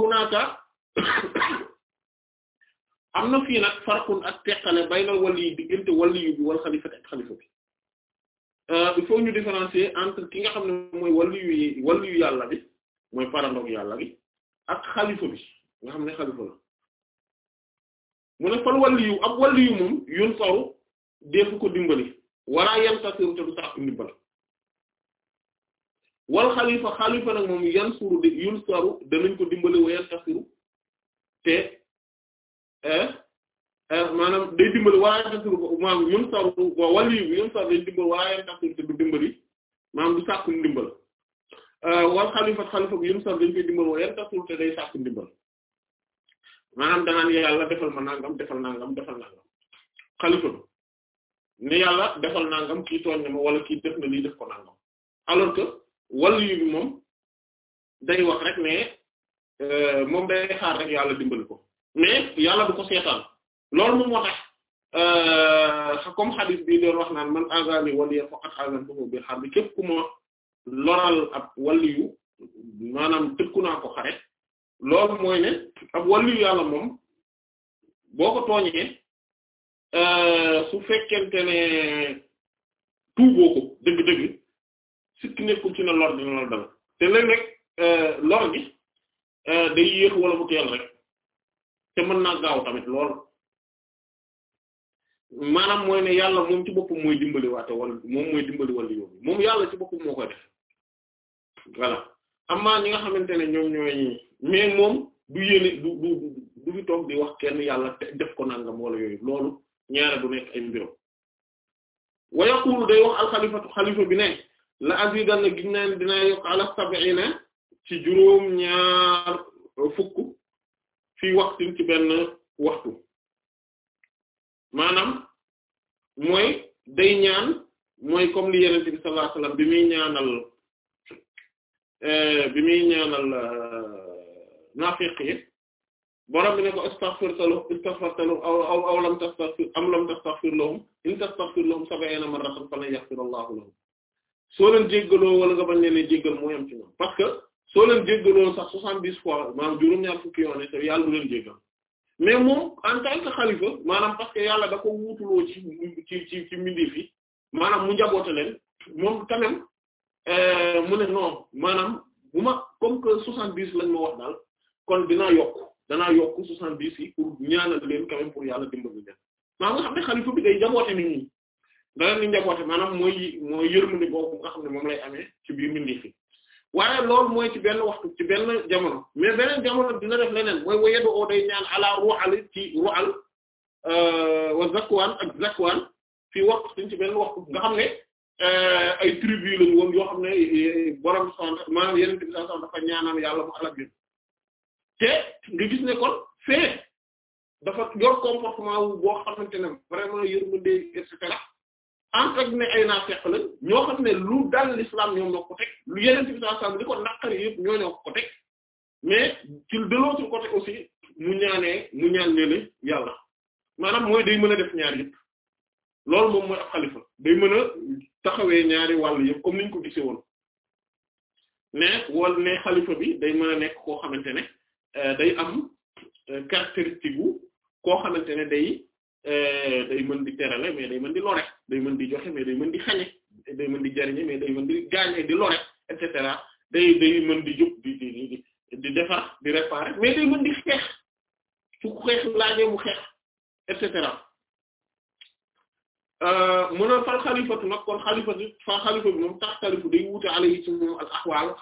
am na fii nag farqun ak teqale baynal wali diggante wali bi wal xalifati ak xalifa bi euh, il faut ñu différencier entre ki nga xam ne mooy waliyu waliyu yàlla bi mooy parandoog yàlla bi ak xalifa bi nga xam ne xalifa la mu ne fal waliyu ab waliyu moom yun saru def ko dimbali wala yantasir te du sàkku ndimbal wal xalifa xalifa nag moom yan suru de yun saru danañ ko dimbali wa yantasiru te Eh? Eh, maanaam day dimbali walaayam tasur maanaam yun saru wa waliyu sar day dimbali walaayam tasur te du dimbali maanaam du sàkku ndimbal eh, wal xalifa xalifa bi yun sar dañ koy dimbal wa day sàkku ndimbal maanaam danaan yàlla defal ma nangam defal nangam defal nangam xalifa bi ne yàlla defal nangam kii tooñ ma wala kii def na def ko nangam alors que waliyu bi day wax rek ne moom day xaar rek yàlla dimbali ko mais yàlla du ko seetaan loolu moom moo tax euh, comme xadis bii doon wax naan man azani waliya faqat képp ku ma loral ab waliyu maanaam tëkku ko xare loolu mooy ne ab waliyu yàlla moom boo ko tooñee euh, su fekkente ne tuuboo ko dëgg-dëgg sikk nekkul ci na lor dina la dal te léeg-léeg euh, lor gi day yéex wala mu teel rek te mën naa gaaw tamit lool maanaam mooy ne yàlla moom ci boppam mooy dimbali waate wala moom yàlla ci boppam moo koy def voilà amaa ñi nga xamante ne ñoom ñooy mais moom du yéene du du du fi di wax kenn yàlla def ko nangam wala yooyu loolu ñaare du nekk ay mbiram wa yaqulu day wax alxalifatu bi ne la azidan na gis naa ne dinaa yokk ala sab'ina ci juróom ñaar fukk fii waxtin ci benn waxtu maanaam mooy day ñaan mooy comme li yenente bi sallallahu bi muy ñaanal euh, bi muy ñaanal euh, naafiq yi borom ne ko astaghfir lahum aw aw lam tastaghfir am lam tastaghfir lahum in tastaghfir lahum sab'ina marratan falan yaghfir Allahu lahum soo leen jéggaloo wala nga bañ leen jéggal mooy am ci ñoom parce soo leen jéggaloo sax soixante-dix fois maanaam juróom-ñaar fukki yoon te yàlla du leen jéggal mais moom en tant que xalifa maanaam parce que yàlla da ko wuutuloo ci ci ci ci mbindeef yi maanaam mu njaboote leen moom quand euh, mu ne non maanaam bu ma comme que soixante-dix lañ ma wax daal kon dinaa yokk danaa yokk soixante-dix yi pour ñaanal leen quand pour yàlla dimbali leen maa nga xam ne xalifa bi day njaboote nit ñi da leen di njaboote maanaam mooy mooy yërmande boobu nga xam ne moom amee ci biir mbindeef yi waaye loolu mooy ci benn waxtu ci benn jamono mais beneen jamono dina def leneen mooy wa yedu oo day ñaan ala ru'al ci ru'al euh, wa zakwaan ak zakwaan fii waxtu ci benn waxtu nga xam ne euh, ay yoo xam ne borom son maanaam yeneen bi sa son te nga gis ne kon fee dafa yor comportement boo xamante ne vraiment yërmande et cetera entre ne ay naafeq lañ ñoo xam ne lu dal l'islam ñoom ñoo ko teg lu yeneen bi sallallahu alayhi wasallam li ko naqari yëpp ñoo ñoo ko teg mais ci de l'autre côté aussi mu ñaanee mu ñaan leele yàlla maanaam mooy day mën a def ñaar yëpp loolu moom mooy ab xalifa day mën a taxawee ñaari wàll yëpp comme niñ ko gisee woon mais wala ne xalifa bi day mën a nekk koo xamante ne euh, day am euh, caractéristique wu koo xamante ne day euh, day mën di terale mais day mën di lore day mën di joxe mais day mën di xañe day mën di jariñe mais day mën di gaañe di lore et cetera day day mën di jóg di di defar di réparer mais day mën di xeex su xeex laajee mu xeex et cetera euh, mu ne fal xalifatu nag kon xalifatu fal xalifa bi moom tax talifu day wuute alayhi ci moom al axwaal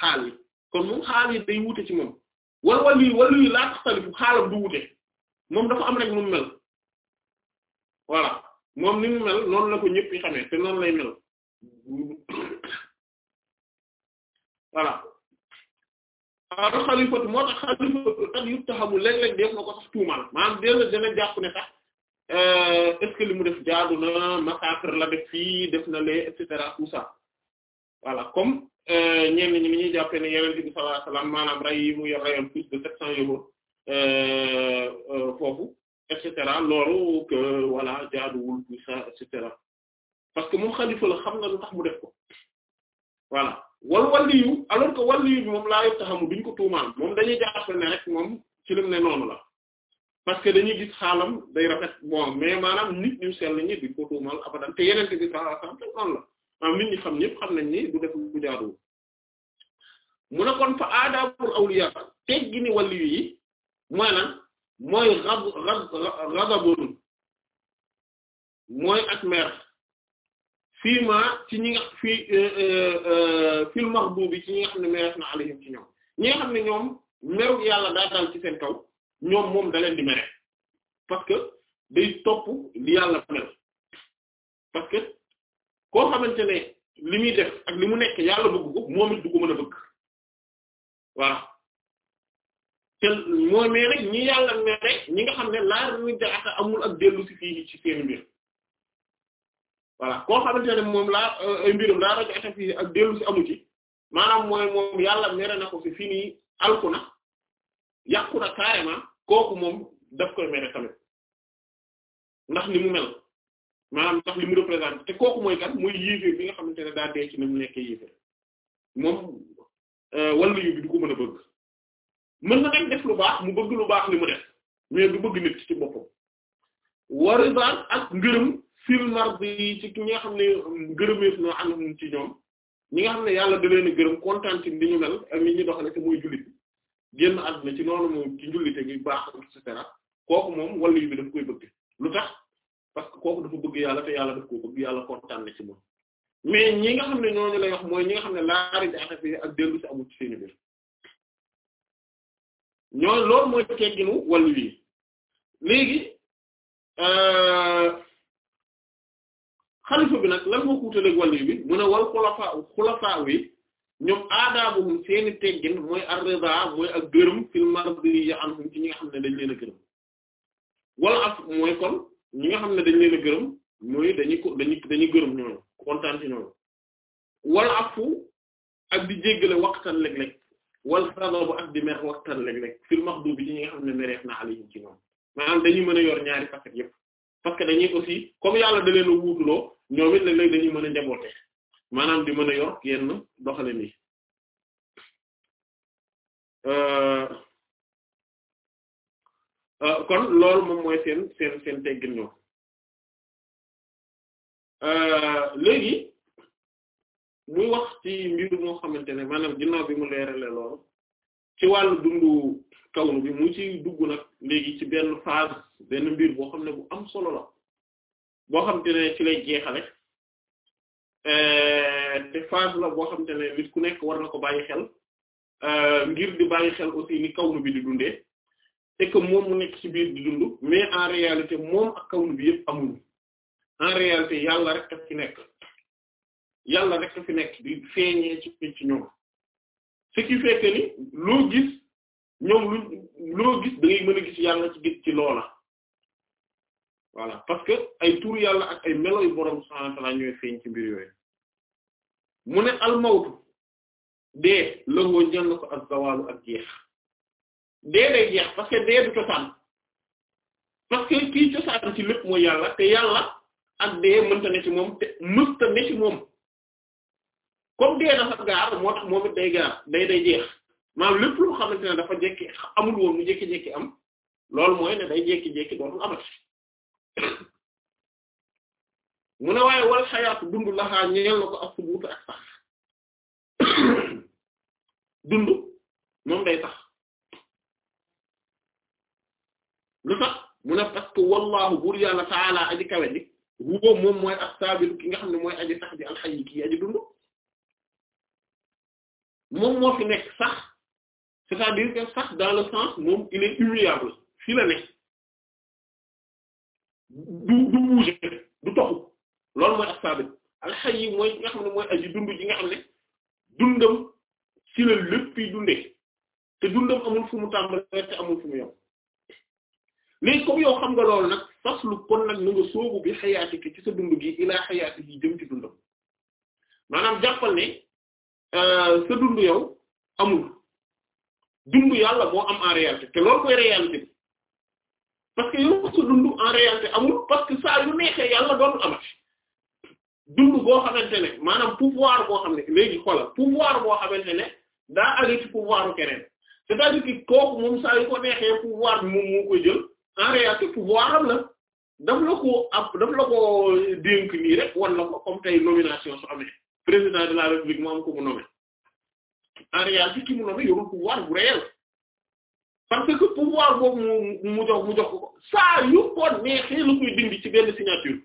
xaal yi kon moom xaal yi day wuute ci moom wal wal yi wal yi laa tax talifu xaalam du wuute moom dafa am rek mu mel voilà moom ni mu mel noonu la ko ñëpp yi te noonu lay mel voilà moo tax xalifatu kat yëpp taxamu léeg-léeg def tuumal maanaam dell dana jàpp ne sax euh, est-ce mu def jaadu na massacre la def fii def na lee et cetera tout ça voilà comme euh, ñi ni ñuy jàppee ne yonent bi sallallahu alayhi maanaam rey yi mu yor plus de sept cents euh, foofu et cetera loolu que voilà jaaduwul tout ça et parce que moom xalifa la xam nga lu tax mu def ko voilà wal waliyu alors que moom laa yëpp taxamu duñ ko tuumaal moom dañuy jàpp ne rek moom ci ne noonu la parce que dañuy gis xaalam day rafet bon mais maanaam nit ñu sell ñi duñ ko tuumaal abadan te yeneen bi noonu la maanaam ñi xam ñëpp xam nañ ni du def lu jaaduwul mu ne kon fa aadaabul awliya teggi ni waliyu yi mooy lan mooy rab rab radabun mooy ak mer fii ma ci ñi nga fii euh, euh, euh, fil mahbubi ci ñi nga xam ne mereef na alayhim ci ñoom ñi nga xam ne ñoom meru yàlla daa dal ci seen kaw ñoom moom da leen di mere parce que day topp li yàlla mel parce que koo xamante ne li muy def ak li mu nekk yàlla bëgg ko moom it du ko mën a bëgg voilà te mooy mais nag ñi yàlla mere ñi nga xam ne laar ñu jaata amul ak dellu si fii ci seen mbir voilà koo xamante ne moom laa euh, ay mbirum laa jaata ak dellu si amu ci maanaam mooy moom yàlla mere na ko si fii nii alku na yàqu na carrément kooku moom daf koy mere tamit ndax ni mu mel maanaam ndax li mu te kooku mooy mooy yéeféer bi nga xamante daa dee ci mu nekkee yéeféer moom euh, wàllu yu du ko mën a bëgg mën na dem def lu baax mu bëgg lu baax li mu def mais du bëgg nit ci boppam waridaan ak ngërëm fil mardi bi ci ñi nga xam ne ngërëmeef noo anhum ci ñoom ñi nga xam ne yàlla da leen gërëm kontaan ci ñu mel ak ni ñu doxale te mooy jullit génn àdduna ci noonu moom ci njullite gi baax et cetera kooku moom yi bi daf koy bëgg lu tax parce que kooku dafa bëgg yàlla te yàlla daf ko bëgg yàlla kontaan na ci moom mais ñi nga xam ne ñoo ñooñu lay wax mooy ñi nga xam ne laari jaxase ak dellu si amul ci seen biir ñoo loolu mooy tegginu wàllu wi léegi euh, xalifa bi nag lan moo kuutaleeg wàllu bi mu ne wal xulafaa xulafaa wi ñoom aadaabuhum seeni teggin mooy ar mooy ak gërëm fil mardiyi anhum ci ñi nga xam ne dañ leen a gërëm wala mooy kon ñi nga xam ne dañ leen a gërëm mooy dañuy ko dañuy dañuy gërëm ñooñu kontaan ci ñooñu wala ak di jéggale waxtaan léeg-léeg wal bu ak di mer waxtaan léeg-léeg fil maxdubi ci ñi nga xam ne mereef na alayhim ci ñoom maanaam dañuy mën a yor ñaari facette yépp parce que dañuy aussi comme yàlla da leen a wuutuloo ñoom dañuy mën a njaboote maanaam di mën a yor yenn doxale ni euh, euh, kon loolu moom mooy seen seen seen teggin ñoom euh, léegi muy wax ci mbir moo xamante ne maanaam ginnaaw bi mu leerale loolu ci wàllu dundu kawnu bi mu ci dugg nag léegi ci benn phase benn mbir boo xam ne bu am solo la boo xamante ne ci lay jeexale euh, te phase la boo xamante ne nit ku nekk war na ko bàyyi xel euh, ngir di bàyyi xel aussi ni kawnu bi di dundee te ko moom mu nekk ci biir di dund mais en réalité moom ak kawnu bi yëpp amuñu en réalité yàlla rek daf ci nekk yàlla rek fi nekk di feeñee ci ci ñoom ce qui fait ni loo gis ñoom loo gis da mën a gis yàlla ci loola voilà parce ay tur yàlla ak ay melo yu borom subhaanahu wa ta'aala ñooy feeñ ci mbir yooyu mu ne almawtu dee lëngoo njënd ko ak zawaalu ak jeex dee day jeex parce dee du cosaan parce que cosaan ci lépp mooy yàlla te yàlla ak dee mënta ne ci moom te mësta ne ci moom. comme dee dafa gaar moo tax moom it day gaar day day jeex maanaam lu xamante ne dafa jekki amul woon jekki am loolu mooy ne day jekki-jekki dootul amati mu ne waaye wal xayaatu dund laxaa ñeel na ko ak ak sax dund moom day tax lu tax mu ne parce que wallahu buur yàlla taala aji kawe ji moom mooy as ki nga xam ne mooy aji sax ji alxayi kii aji dund moom moo fi nekk sax c'est-à-dire que sax dans le sens moom il est immuable fii la nekk du du bouger du toxu loolu mooy ak sabit alxayyi mooy nga xam ne mooy aji dund ji nga xam ne dundam ci la lépp yi dundee te dundam amul fu mu tàmbalee te amul fu mu yom léegi yow xam nga loolu nag faslu kon nag na nga soobu bi xayaati ki ci sa dund gi ilaa xayaati yi jëm ci dundam maanaam jàppal ne Euh, sa dund yow amul dund yàlla moo am en réalité te loolu koy réalité parce que yow sa dund en réalité amul parce que saa yu neexee yàlla doon amati dund boo xamante ne maanaam pouvoir boo xam ne léegi xoolal pouvoir boo xamante ne daa aju ci pouvoiru keneen c'est-à-dire que kooku moom saa yu ko neexee pouvoir moom moo koy jël en réalité pouvoir am la daf la ko ab daf la ko dénk nii rek wan ko comme tey nomination su amee président de la république mu am ko mu nommé en réalité ki mu nommé yorul pouvoir bu réel parce que pouvoir boobu mu mu jox mu jox ko saa yu ko neexee lu koy dindi ci benn signature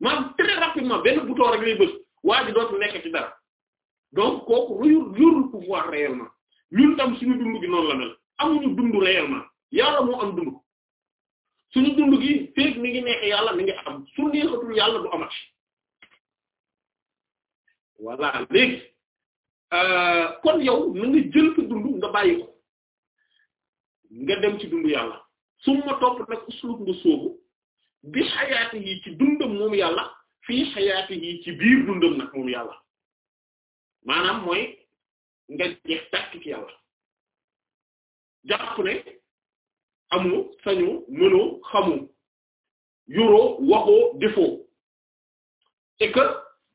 maanaam très rapidement benn bouton rek lay bës waa ji dootu nekk ci dara donc kooku lu yorul pouvoir réellement ñun tam suñu dund gi noonu la mel amuñu dund réellement yàlla moo am dund suñu dund gi feek mi ngi neexee yàlla mi ngi am su neexatul yàlla du amati. voilà léegi euh, kon yow na jël sa dund nga bàyyi ko nga dem ci dund yàlla su topp nag uslub nga sóobu bi xayaati yi ci dundam moom yàlla fii xayaati yi ci biir dundam nag moom yàlla maanaam mooy nga jeex tàkk yàlla jàpp ne amu sañu mënoo xamu yoroo waxoo defoo et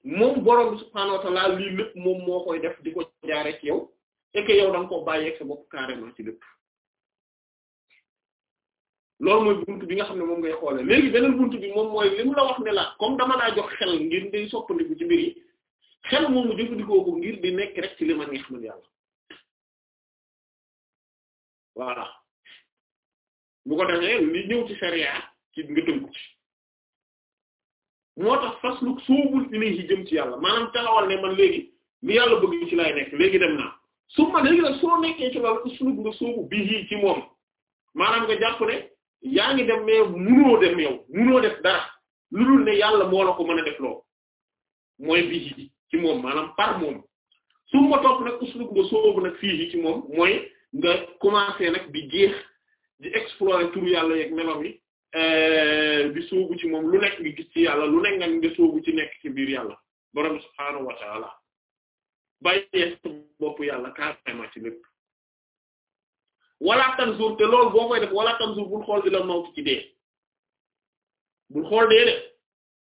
moom borom subhaanahu wa lii lépp moom moo koy def di ko jaaree ci yow et que yow da nga koo sa bopp carrément ci lépp loolu mooy buntu bi nga xam ne moom ngay xoole léegi beneen buntu bi moom mooy li la wax ne comme dama laa jox xel ngir di soppandiku ci mbir yi xel moomu jëfandikoo ko ngir di nekk rek ci li ma neex man yàlla voilà bu ko defee li ñëw ci sariya ci nga tënku ci. moo tax fasluk soobul ilayhi jëm ci yàlla maanaam taxawal ne man léegi yàlla bëgg ci lay nekk léegi dem su ma léegi nag soo nekkee ci loolu nga soobu moom maanaam nga jàpp yaa ngi dem mais munoo yow munoo def dara lu dul ne yàlla moo la ko mën a def lool mooy maanaam par moom su ma topp nag fii ci moom mooy nga commencer nag di jeex di explorer turu yàlla yeeg meloom yi Eh, di sóobu ci moom lu nekk nga gis ci yàlla lu nekk nga sóobu ci nekk ci biir yàlla borom subhaanahu wa ta'ala bàyyee sa bopp yàlla carrément ci lépp wala tanzur te loolu boo koy def wala tanzur bul xool di la mawt ci dee bul xool dee de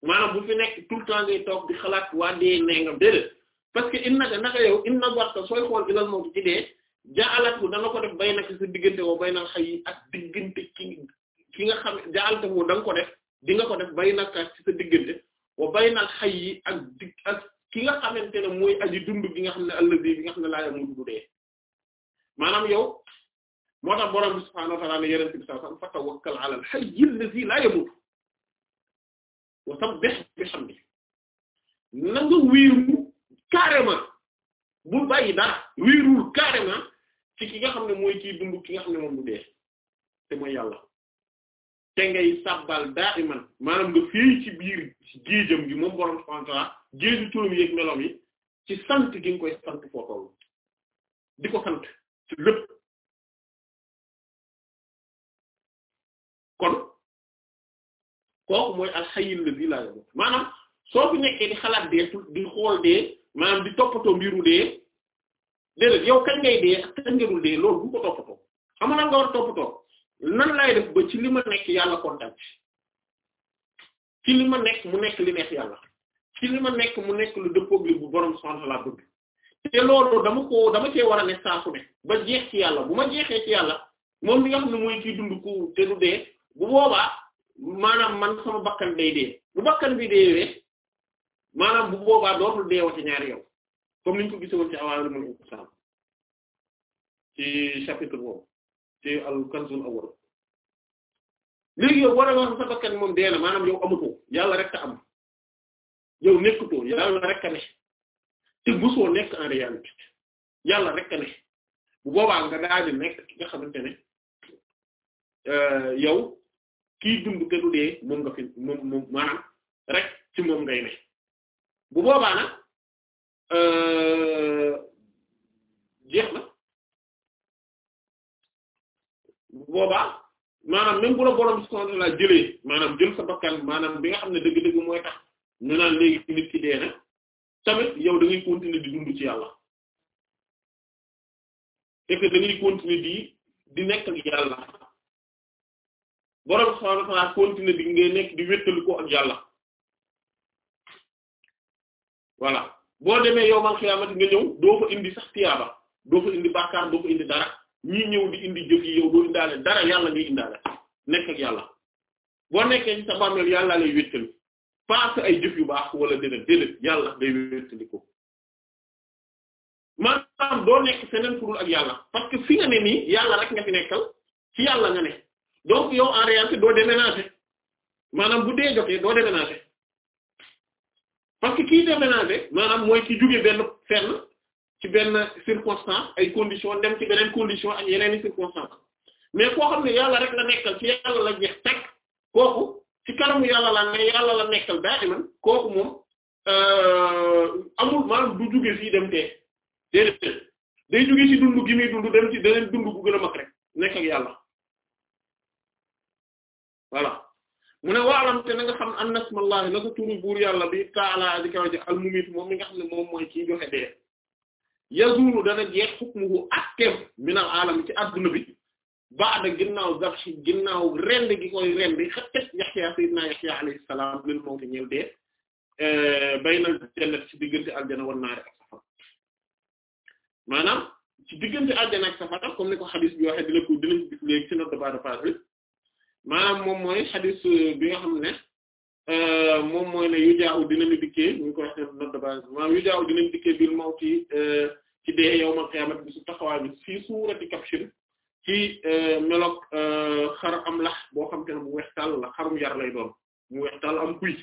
maanaam bu fi nekk tout temps ngay toog di xalaat waa dee nee nga déedéet parce que inna naka yow inna warta sooy xool di la mawt ci dee jaalat bu danga ko def bay nag sa diggante woo bay nag xëy ki nga xam jaaltahu da nga ko def di nga ko def bay naka ci sa diggante wa baynal xay yi ak di ki nga xamante ne xam ne alladi bi nga xam ne yow moo tax borom bi subhaanahu wa ta'aala na nga nga xam ne mooy kii dund ki nga xam ne moom du dee te mooy yàlla te ngay sabbal daa iman maanaam nga féey ci biir géejam gi moom borom subhaanahu wa ta'aala géeju turam yeeg melom yi ci sant gi nga koy sant foo toll di ko sant ci lépp kon kooku mooy alxayyul ladhi laa yamut maanaam soo fi nekkee di xalaat dee di xool dee maanaam di toppatoo mbiru dee déedéet yow kañ ngay dee ak kañ nga dee loolu bu ko toppatoo xam nga war toppatoo nan lay def ba ci li ma nekk yàlla kontaan ci li ma nekk mu nekk li neex yàlla ci li ma nekk mu nekk lu dëppoog li bu borom subhanahu wa ta'ala bëgg te loolu dama ko dama cee war a ne saa ne ba jeex ci yàlla bu ma jeexee ci yàlla moom li nga xam ne mooy kii dund ku te du dee bu boobaa maanaam man sama bakkan day dee bu bakkan bi deewee maanaam bu boobaa dootul deewati ñaari yow comme niñ ko gisoon ci awaalu mul ci chapitre boobu ci al kanzul léegi yow boo demoon sa bakkan moom dee na yow amatoo yàlla rek am yow nekkutoo yàlla rek a ne te mosoo nekk en yàlla rek a ne bu boobaa nga daal di nekk ki xamante ne euh, yow kii dund te dee moom nga fi moom moom rek ci moom ngay ne bu boobaa nag euh, jeex na boobaa maanaam même bu la jëlee maanaam jël sa bakkan maanaam bi nga xam ne dëgg-dëgg mooy tax ñu naan léegi ci nit ki tamit yow da ngay continuer di dund ci yàlla et que da ngay continuer di di nekk ak yàlla borom subhanahu wa di ngay ak yàlla voilà boo demee yow man xiyaamati nga ñëw doo fa indi sax tiyaaba doo fa indi bàkkaar doo fa indi dara. ñii ñëw di indi jëf yi yow doo indaale dara yàlla ngay indaale nekk ak yàlla boo nekkee ci sa bàmmeel yàlla lay wéttali paas ay jëf yu baax wala déedéet déedéet yàlla day wéttali maanaam doo nekk feneen furul ak yàlla parce fi nga ne nii yàlla rek nga fi nekkal ci yàlla nga ne donc yow en doo déménager maanaam bu dee jotee doo déménager parce kii déménager maanaam mooy ki jóge benn fenn ci benn circonstance ay condition dem ci beneen condition ak yeneen i mais koo xam ne yàlla rek la nekkal ci yàlla la jeex teg kooku ci kanamu yàlla la ne la nekkal daa iman kooku moom euh, amul maanaam du jóge fii dem tee déedéet day jóge ci dund gi muy dund dem ci beneen dund bu gën a rek nekk yàlla voilà mu ne waalam te na nga xam an nasmallahi naka turu buur yàlla bi taala di kaw ji al moom xam ne moom mooy kii joxe dee yazulu dana jeex hukmuhu atteem minal alam ci adduna bi ba'da ginnaaw zabshi ginnaaw rend gi koy rendi xattat Yahya sayyidina Yahya alayhi salaam lil mawti ñëw dee eh, baynal jannat ci diggante aljana wan naar ak safara maanaam ci diggante aljana ak safara comme ni ko xadis bi waxee dina ko dinañ gis léegi ci note de bas de page bi maanaam moom mooy xadis bi nga xam ne Euh, moom mooy ne yu jaaw dinañu dikkee ñu ngi koy waxee note de base maanaam yu jaaw dinañu dikkee bil mawti euh, ci dee yawmal qiyaamati bi su taxawaay bi fii suurati kabshin ci euh, melog xar am lax boo xam te ne bu wextal xarum yar lay doon mu wextal am kuy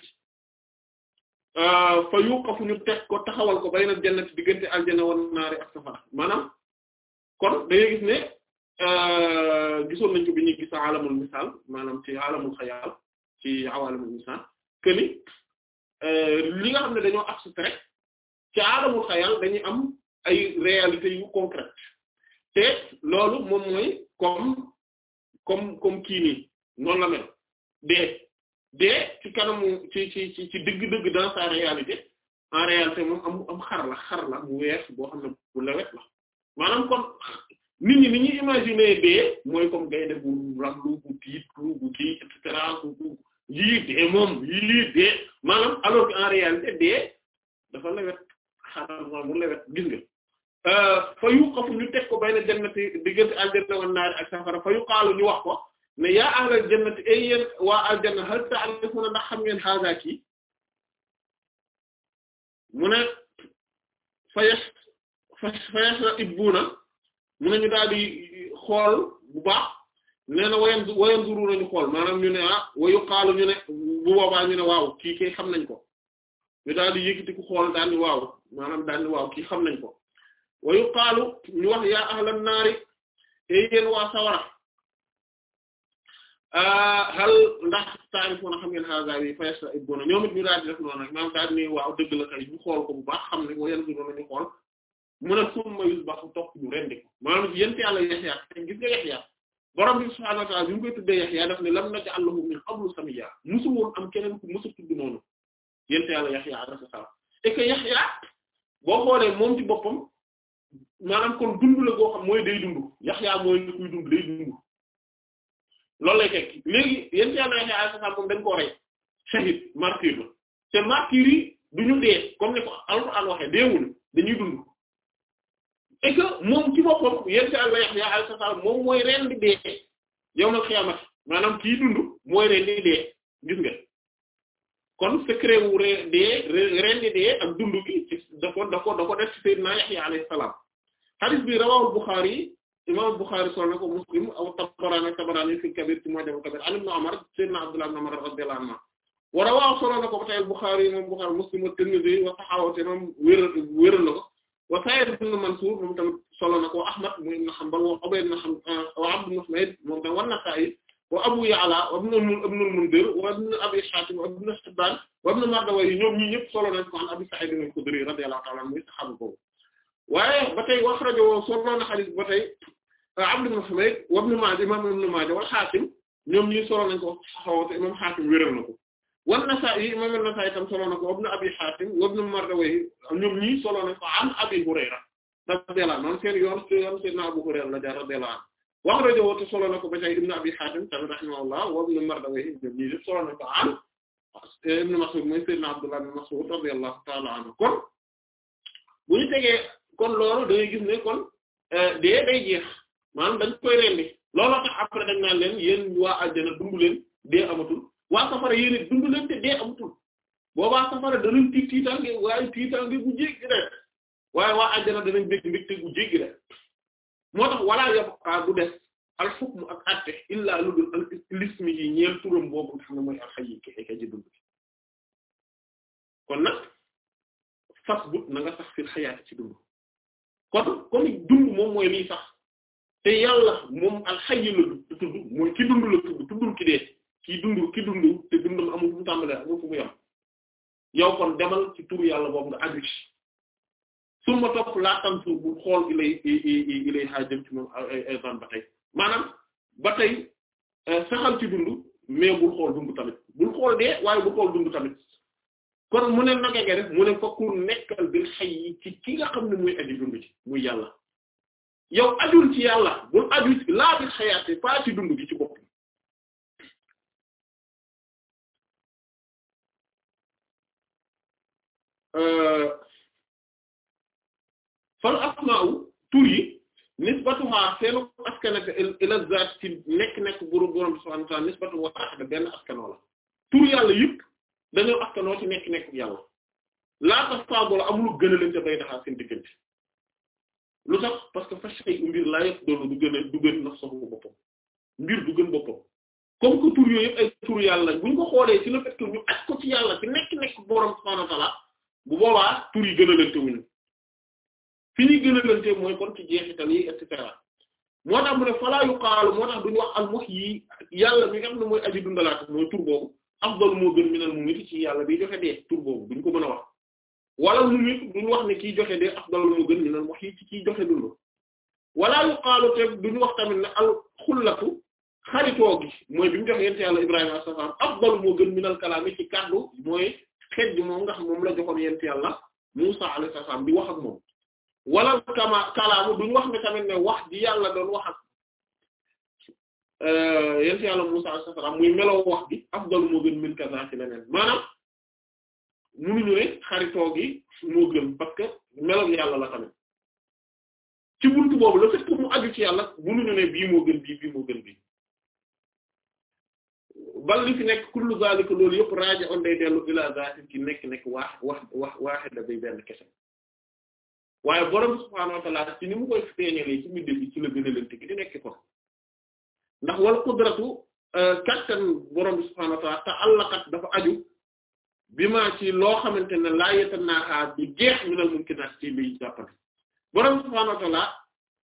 fa yuqafu ñu teg ko taxawal ko bayna jannati diggante aljana wan naari ak safara maanaam kon da ngay gis ne gisoon nañ ko bi ñuy gis alamul misaal maanaam ci alamul xayaal ci awalamul misaal que euh, li nga xam ne dañoo abstrait ci alamul xayal dañuy am ay réalité yu concrètes te loolu moom mooy comme comme comme kii nii noonu mel dee dee ci kanamu ci ci ci digg dëgg-dëgg dans sa réalité en réalité moom am xar la xar la bu weex boo xam ne bu lewet la maanaam kon nit ñi ni ñuy imaginer dee mooy comme gaynde bu raglu bu tiit bu kii et lii dee moom lii dee maanaam alors que en réalité dee dafa lewet xaaral ma mu lewet gis nga euh, fa yuqafu ñu teg ko bayna jannati diggante aljanna wan naar ak safara fa yuqaalu ñu wax ko ne yaa ahlal jannati ay yéen waa aljanna hal ta'lamuna ndax xam ngeen haaza kii mu ne fa yas fa yas na ibbuuna mu ne ñu daal di xool bu baax. nee na wayan wayan duru nañu xool maanaam ñu ne ah wayu xaalu ñu ne bu boobaa ñu ne waaw kii kay xam nañ ko ñu daal di yëkkati ku xool daal di waaw maanaam daal di waaw kii nañ ko wayu xaalu ñu wax yaa ahlan naari ey yéen waa sawara hal ndax taarifoona xam yi faysa ibuna ñoom it dëgg la kay ñu xool ko bu baax xam ne wayan duru nañu xool mu ne summa yus baax topp ñu rendi ko maanaam yent yàlla Yaxya gis borom bi subhaanahu wa ta'aala bi mu koy tuddee Yaxya daf ne lam naj'al lahu min qablu samiyya musu woon am keneen ku musu tudd noonu yénte yàlla Yaxya alayhi salaam et que Yaxya boo xoolee moom ci boppam maanaam kon dund la goo xam mooy day dund Yaxya mooy ni kuy dund day dund loolu lay léegi yénte yàlla Yaxya alayhi salaam moom dañ koo rey shahid martyr la te martyr yi du ñu dee comme ne ko Alxuraan waxee deewul dañuy dund et que moom ci boppam yéen ci àlla Yahya alayhi salaam moom mooy ren di dee yawmal xiyaamati maanaam kii dund mooy ren di gis nga kon secret wu re dee ren di dee ak dund gi ci da ko da ko da ko def salaam hadith bi rawahu Bukhari imam Bukhari solo Muslim aw Tabarani Tabarani fi Kabir ci Mu'jam Kabir an Ibn Umar Seydina Abdullah Bukhari imam Bukhari Muslim wa Tirmidhi wa saxaawate moom wér wéral wa Sa'id ibn Mansur moom tamit solo na ko Ahmad mu ibn Hanbal wa Ubayd ibn Hanbal ah, wa Abd ibn Humayd moom wa Nasa'i wa Abu Ya'la wa ibn al-Mundhir wa ibn Abi wa ibn Hibban wa ibn Mardawayh ñoom ñi ñëpp solo na ko an Abi Sa'id al-Khudri radiyallahu ta'ala anhu tey wax solo na xadiis ba tey ah, Abd ibn Humayd wa ibn Majah imam ibn Majah wal Hakim ñoom ñi solo nañ ko saxaaba te imam Hakim wan Nasaa'i imam Nasaa'i tam solo na ko ibn Abi Haatim ibn Mardawayh ñoom ñii solo nañ ko an Abi Hurayra radiyallahu anhu seen yoon ci yoon Seydina Abu Hurayra la jaar radiyallahu wax rajo woote solo na ko ba tey ibn Abi Haatim tamit rahimahullah wa ibn Mardawayh ñoom ñii solo nañ ko an ibn mooy Seydina Abdullah ibn Mas'ud radiyallahu ta'ala kon bu ñu tegee kon loolu da ngay gis ne kon euh, dee day jeex maanaam dañ koy rendi looloo tax après dañ naan leen yéen waa àjjana dund leen waa safara yéen it dund te dee amatul boobaa safara danañ tiit waaye tiitaange bu jéggi rek waaye waa àjjana danañ bégg mbégte bu jéggi rek moo tax walaa yabqaa du des al hukmu ak atte illaa lu dul al lismi yi ñeel turam boobu nga mooy alxayi la tudd mooy ki dund la tudd tuddul ki dee kii dund ki dund te dundam amul fu mu tàmbalee amul fu mu yem yow kon demal ci turu yàlla boobu nga aju ci su ma topp laataan suuf bu xool moom ay ba tey maanaam ba tey eh, saxal dee waaye bul xool dund tamit kon mu ne naka nga def mu ne fokkur nekkal bil xay yi ki nga xam ne muy aji dund ci muy yàlla yow ajul ci yàlla bul aju laa bil xayaate pas ci dund gi ci bopp Euh, fal asma'u tur yi nisbatuha seenu askanaka ila zaat ci nekk-nekk buru borom subhanahu wa ta'ala nisbatu wahda benn askanoo la tur yàlla yëpp dañoo askanoo ci nekk-nekk yàlla laata saaboo la amul gënalante bay taxaar seen diggante lu tax parce que fas ay mbir laa yëpp doon du gën a du gën ndax mbir du gën boppam comme que tur yooyu yëpp ay tur yàlla bu ñu xoolee ci le fait ñu aj ko ci yàlla ci nekk-nekk borom subhanahu bu boobaa tur yi gën a lënte wuñu fi ñuy gën a lënte mooy kon ci jeexital yi et moo tax mu ne falaa yu xaalu moo tax duñu wax al mux yi yàlla mi xam ne mooy aji dundalaat mooy tur boobu afdal moo gën minal mumit ci yàlla bi joxe dee tur boobu duñ ko mën a wax wala mumit duñu wax ne kiy joxe dee afdal moo gën minal mux yi ci kiy joxe dund walaa yu xaalu te duñu wax tamit ne al xullatu xaritoo gi mooy bi mu jox yàlla Ibrahima alayhi salaam afdal moo gën minal kalaami ci kàddu mooy xeet moom nga xam moom la joxoon yent yàlla Musa alayhi salaam di wax moom wala kama kalaamu duñu wax ne tamit ne wax ji yàlla doon wax ak euh, yent yàlla Musa alayhi salaam muy meloo wax bi afdalu moo gën min kaza ci leneen maanaam munuñu ne xaritoo gi moo gën parce que yàlla la tamit ci buntu boobu le fait que mu aju ci yàlla munuñu ne bii moo gën bii bii moo gën bii bal li fi nekk kullu zalika loolu yëpp raaja on day dellu ila zaatin ci nekk nekk waax wax wax waaxida bay benn kese waaye boroom subhaanahu wa ta'aala ci ni mu koy feeñalee ci la gën a di nekk ko ndax wal qudratu euh, kattan borom subhaanahu wa ta'aala ta'allaqat dafa aju bi ma ci loo xamante ne laa yatanaaha du jeex minal mumkinaat ci liy jàppale borom subhaanahu wa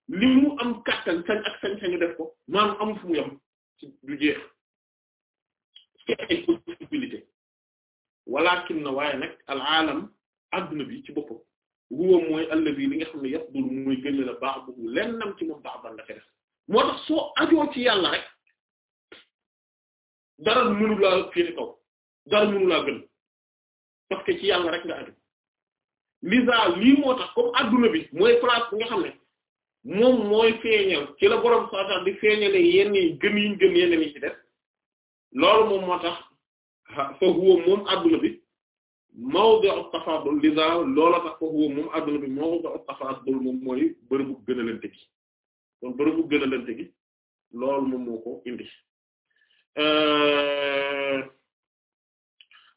li mu am kattan sañ ak sañ-sañu def ko maanaam am fu du jeex. ci ay possibilité walakin na waaye nag al alam bi ci boppam huwa mooy allazi li nga xam ne yafdulu muy gën la baax bu lennam ci moom baax ban def moo tax soo ajoo ci yàlla rek dara mënu laa féete kaw dara mënu laa gën parce que ci yàlla rek nga aju lisa lii moo tax comme adduna bi mooy place bi nga xam ne moom mooy feeñal ci la borom saa di feeñalee yenn yi gën yi gën yeneen yi ci def loolu moom moo tax fa huwa moom adduna bi mawdi'u tafadul liza loola tax fa huwa moom adduna bi mawdi'u tafadul moom mooy bërëbu gënalante gi kon bërëbu gënalante gi loolu moom moo ko indi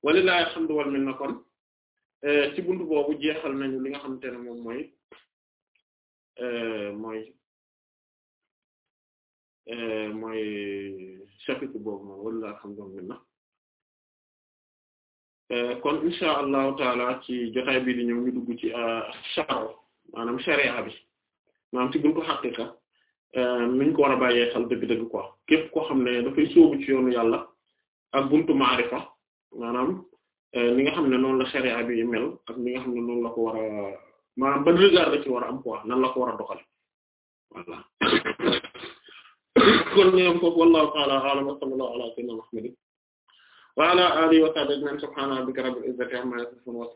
walillahi alhamdu wal minna kon eh, ci buntu boobu jeexal nañu li nga xamante ne moom mooy eh, mooy Euh, mooy chapitre boobu moom walla alhamdulillah euh, kon insha allahu taala ci jotaay bi ñoom ñëw ñu dugg ci euh, charo maanaam charia bi maanaam ci buñ ko xaqiqa nuñ ko war a bàyyee xel dëgg-dëgg ko képp koo xam ne dafay sóobu ci yoonu yàlla ak buntu maarifa maanaam ni nga xam ne noonu la charia bi mel ak ni nga xam ne noonu la ko war a maanaam ban regard la ci war a am quoi nan la ko war a doxal voilà kon ñoom foofu wallahu ta'ala a'lam wa sallallahu ala sayyidina Muhammadin wa ala alihi wa sahbihi ajma'in subhana rabbika rabbil izzati amma yasifun wa